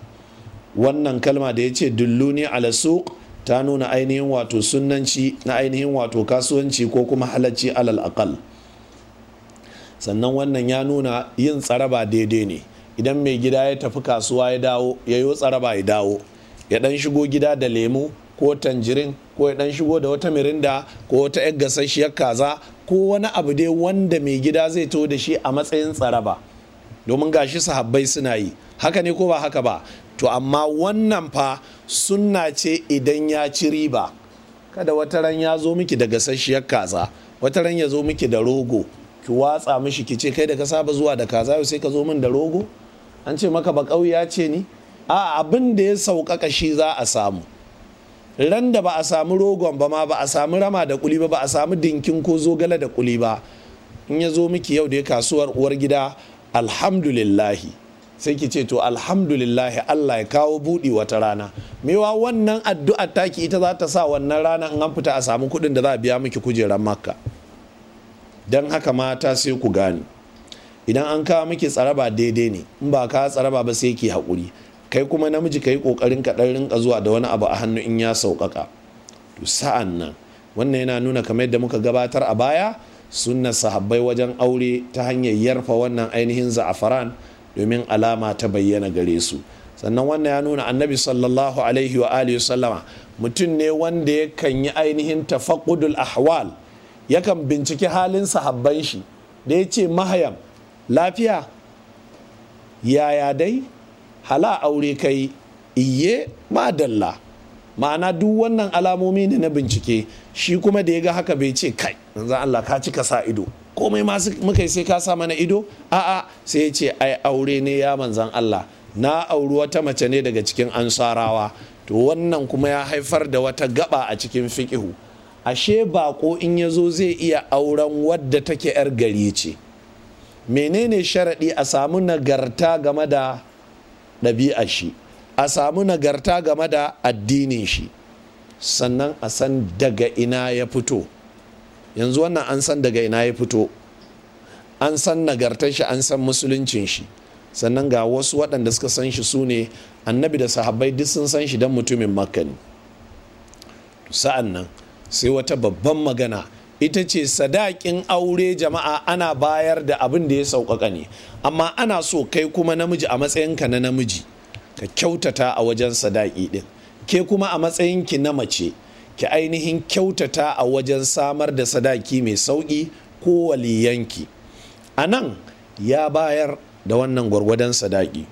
wannan kalma da ya ce dulluni ala suq ta nuna ainihin wato sunanci na ainihin wato kasuwanci ko kuma halacci alal aqal sannan wannan ya nuna yin tsaraba daidai ne idan mai gida ya tafi kasuwa ya dawo ya yi tsaraba ya dawo ya dan shigo gida da lemu ko tanjirin ko ya dan shigo da wata mirinda ko wata yar gasasshiyar kaza ko wani abu dai wanda mai gida zai to da shi a matsayin tsaraba domin gashi sahabbai suna yi haka ne ko ba haka ba to amma wannan fa sunna ce idan ya ci riba kada wata ran ya zo miki da gasasshiyar kaza wata ran ya zo miki da rogo ki watsa mishi ki ce kai da ka saba zuwa da kaza yau sai ka zo min da rogo an ce maka ba ƙauya ce ni a abin da ya sauƙaƙa shi za a samu ran da ba a samu rogon ba ma ba a samu rama da kuli ba ba a samu dinkin ko zogale da kuli ba in ya zo miki yau da ya kasuwar uwar gida alhamdulillahi sai ki ce to alhamdulillahi Allah ya kawo buɗi wata rana mewa wannan ta taki ita za ta sa wannan rana in an fita a samu kuɗin da za a biya miki kujerar makka don haka mata sai ku gane idan an kawo miki tsaraba daidai ne in ba ka tsaraba ba sai ke haƙuri kai kuma namiji ka yi ƙoƙarin ka ɗan rinka zuwa da wani abu a hannu in ya sauƙaƙa to sa'an nan wannan yana nuna kamar yadda muka gabatar a baya sunna sahabbai wajen aure ta hanyar yarfa wannan ainihin za'afaran domin alama ta bayyana gare su sannan wannan ya nuna annabi sallallahu alaihi wa alihi sallama mutum ne wanda yakan yi ainihin tafaqudul ahwal yakan binciki halin sahabban shi da ya ce mahayam lafiya yaya dai hala aure kai iye madalla ma'ana duk wannan alamomi ne na bincike shi kuma da ya ga haka bai ce kai zan Allah ka cika sa ido komai masu muka sai ka sa mana ido a'a sai ya ce ai aure ne ya manzan Allah na auri wata mace ne daga cikin ansarawa to wannan kuma ya haifar da wata gaba a cikin fiƙihu ashe bako in ya zo zai iya auren wadda take 'yar gari ce menene sharaɗi a samu nagarta game da ɗabi'ar shi a samu nagarta game da addinin shi sannan a san daga ina ya fito yanzu wannan an san daga ina ya fito an san nagartar shi an san musuluncin shi sannan ga wasu waɗanda suka san shi su ne annabi da sahabbai duk sun san shi don mutumin makani. sa'an nan sai wata babban magana ita ce sadakin aure jama'a ana bayar da abin da ya sauƙaƙa ne amma ana so kai kuma namiji a matsayinka na namiji ka kyautata a wajen sadaki ɗin ke kuma a matsayinki na mace ki ainihin kyautata a wajen samar da sadaki mai sauƙi ko waliyanki a nan ya bayar da wannan gwargwadon sadaki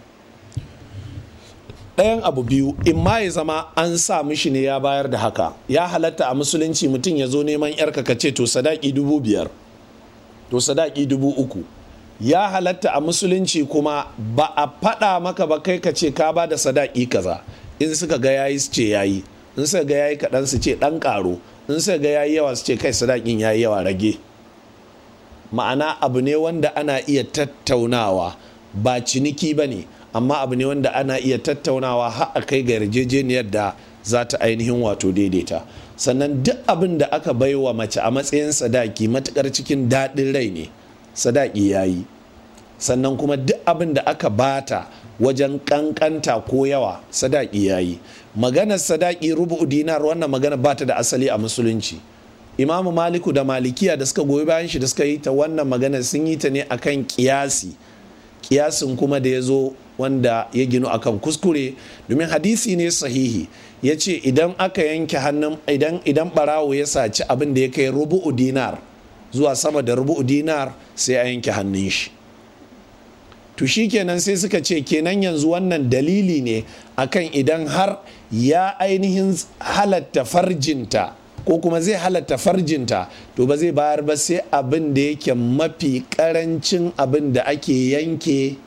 ɗayan abu biyu in ma ya zama an sa mishi ne ya bayar da haka ya halatta a musulunci mutum ya zo neman yarka ka ce to sadaki dubu biyar to sadaki dubu uku ya halatta a musulunci kuma ba a faɗa maka ba kai ka ce ka ba da sadaki kaza in suka ga yayi su ce yayi in suka ga yayi kaɗan su ce ɗan ƙaro in suka ga yayi yawa su ce kai sadakin yayi yawa rage ma'ana abu ne wanda ana iya tattaunawa ba ciniki ba ne amma abu ne wanda ana iya tattaunawa har a kai ga yarjejeniyar da za ta ainihin wato daidaita sannan duk abin da aka bai wa mace a matsayin sadaki matukar cikin daɗin rai ne sadaki ya yi sannan kuma duk abin da aka bata wajen kankanta ko yawa sadaki ya yi maganar sadaki rubu dinar wannan magana bata da asali a musulunci imamu maliku da malikiya da suka goyi bayan shi da suka yi ta wannan magana sun yi ta ne akan kiyasi kiyasin kuma da ya zo wanda ya ginu akan kuskure domin hadisi ne sahihi ya ce idan aka yanke hannun idan idan barawo ya saci abin da ya kai rubu'u dinar zuwa sama da rubu'u dinar sai a yanke hannun shi to shi kenan sai suka ce kenan yanzu wannan dalili ne akan idan har ya ainihin halatta farjinta ko kuma zai halatta farjinta to ba zai bayar ba sai abin da yake mafi karancin abin da ake yanke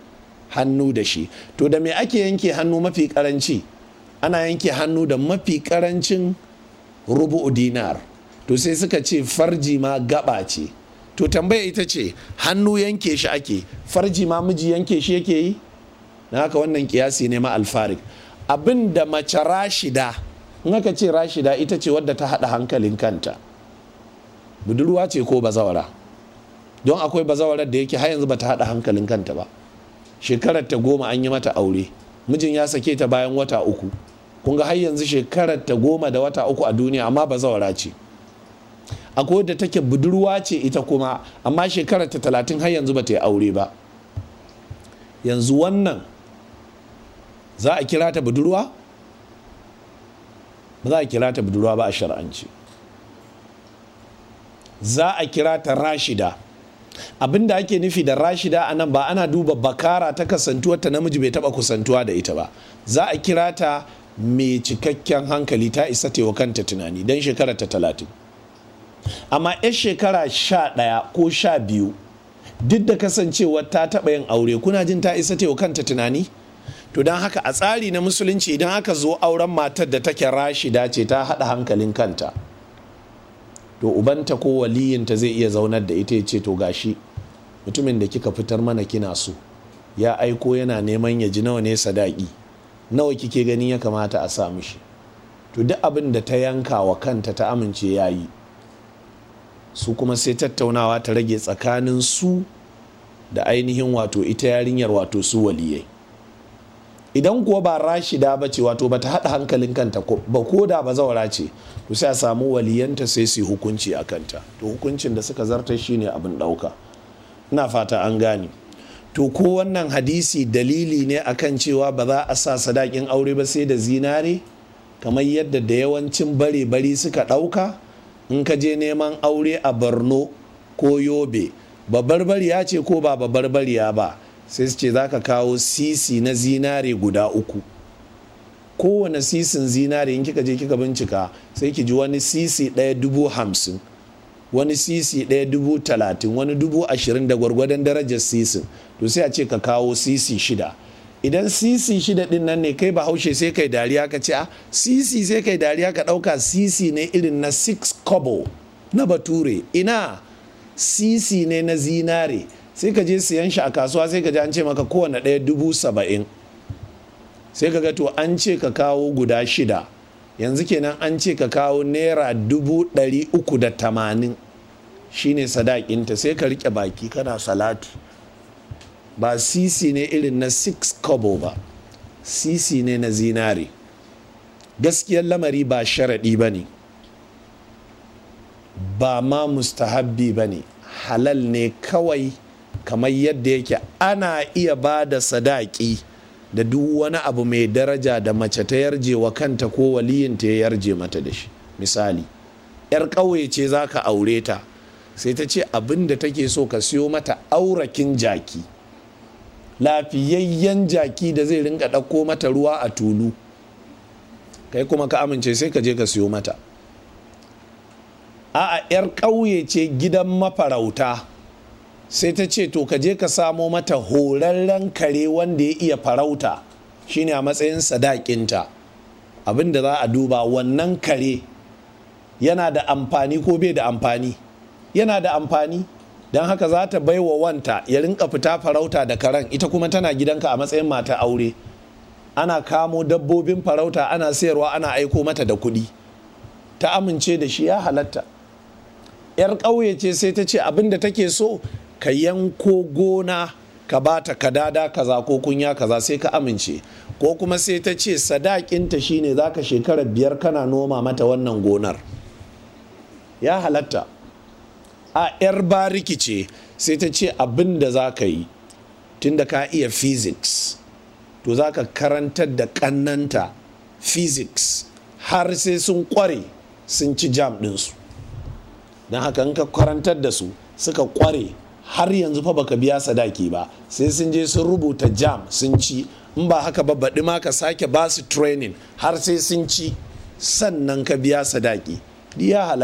hannu da shi to da me ake yanke hannu mafi karanci ana yanke hannu da mafi karancin rubu'u dinar to sai suka ce farji ma gaba ce to tambaya ita ce hannu yanke shi ake farji ma miji yanke shi yake yi na haka wannan kiyasi ne ma alfarik abin da mace rashida in aka ce rashida ita ce wadda ta haɗa hankalin kanta budurwa ce ko bazawara don akwai bazawarar da yake har yanzu ta haɗa hankalin kanta ba shekarar ta goma an yi mata aure mijin ya sake ta bayan wata uku kun ga har yanzu shekarar ta goma da wata uku a duniya amma ba zawara ce akwai da take budurwa ce ita kuma amma shekarar ta talatin har yanzu ba ta yi aure ba yanzu wannan za a kira ta budurwa ba za a kira ta budurwa ba a shar'anci za a kira ta rashida abin da ake nufi da rashida a nan ba ana duba bakara ta kasantuwar ta namiji bai taba kusantuwa da ita ba za a kira ta mai cikakken hankali ta isa tewa kanta tunani don shekara ta talatin amma 'yar shekara sha ɗaya ko sha biyu duk da kasancewar ta taɓa yin aure kuna jin ta isa tewa kanta tunani to don haka a tsari na musulunci idan aka zo auren matar da take rashida ce ta haɗa hankalin kanta to ubanta ko waliyinta zai iya zaunar da ita ya ce to gashi mutumin da kika fitar mana kina so ya aiko yana neman ya ji nawa ne sadaki nawa kike gani ya kamata a sa mishi to duk abin da ta yanka wa kanta ta amince ya yi su kuma sai tattaunawa ta rage tsakanin su da ainihin wato ita yarinyar wato su waliyai idan kuwa ba rashida ba ce wato bata haɗa hankalin kanta ba ko da ba zaura ce to sai a samu waliyanta sai su hukunci a kanta to hukuncin da suka zarta ne abin ɗauka ina fata an gane to ko wannan hadisi dalili ne akan cewa ba za a sa sadakin aure ba sai da zinare kamar yadda da yawancin bare-bari suka ɗauka in ka je neman aure a borno ko yobe babbar bariya ce ko ba babbar bariya ba sai su ce za ka kawo sisi na zinare guda uku kowane sisin zinare in kika je kika bincika sai ki ji wani sisi ɗaya dubu hamsin wani sisi ɗaya dubu talatin wani dubu ashirin da gwargwadon darajar sisin to sai a ce ka kawo sisi shida idan sisi shida din nan ne kai bahaushe sai kai dariya ka ce a ah, sisi sai kai dariya ka ɗauka sisi ne irin na six kobo na bature ina sisi ne na zinare sai ka je siyan shi a kasuwa sai ka ji an ce maka kowane ɗaya dubu saba'in sai ka ga to an ce ka kawo guda shida yanzu kenan an ce ka kawo naira dubu ɗari uku da tamanin shine sadakinta sai ka rike baki kana salatu ba sisi ne irin na six kobo ba sisi ne na zinari gaskiyar lamari ba sharaɗi ba ne ba ma mustahabbi ba ne halal ne kawai kamar yadda yake ana iya ba da sadaki da duk wani abu mai daraja da mace ta yarje wa kanta ko waliyinta ya yarje mata da shi misali 'yar ƙauye ce za ka aure ta sai ta ce abin da take so ka siyo mata aurakin jaki lafiyayyen jaki da zai rinka ɗauko mata ruwa a tulu kai kuma ka amince sai ka je ka siyo mata a'a 'yar ƙauye ce gidan mafarauta sai ta ce to ka je ka samo mata horarren kare wanda ya iya farauta shine a matsayin sadakinta abin da za a duba wannan kare yana da amfani ko bai da amfani yana da amfani don haka za ta baiwa wanta ya rinka fita farauta da karen ita kuma tana gidanka a matsayin mata aure ana kamo dabbobin farauta ana sayarwa ana aiko mata da kuɗi ta amince da shi ya halatta 'yar ƙauye ce sai ta ce abin da take so ka yanko gona ka bata kadada kaza ko kunya kaza sai ka amince ko kuma sai ta ce sadakinta shine ka shekarar biyar kana noma mata wannan gonar ya halatta a 'yar bariki ce sai ta ce abin da za ka yi tunda ka iya physics to za ka karantar da kannanta physics har sai sun kware sun ci jam ɗinsu don haka in ka karantar da su suka kware har yanzu fa baka biya sadaki ba sai sun je sun rubuta jam sun ci in ba haka ba baɗi ma ka sake ba su training har sai sun ci sannan ka biya sadaki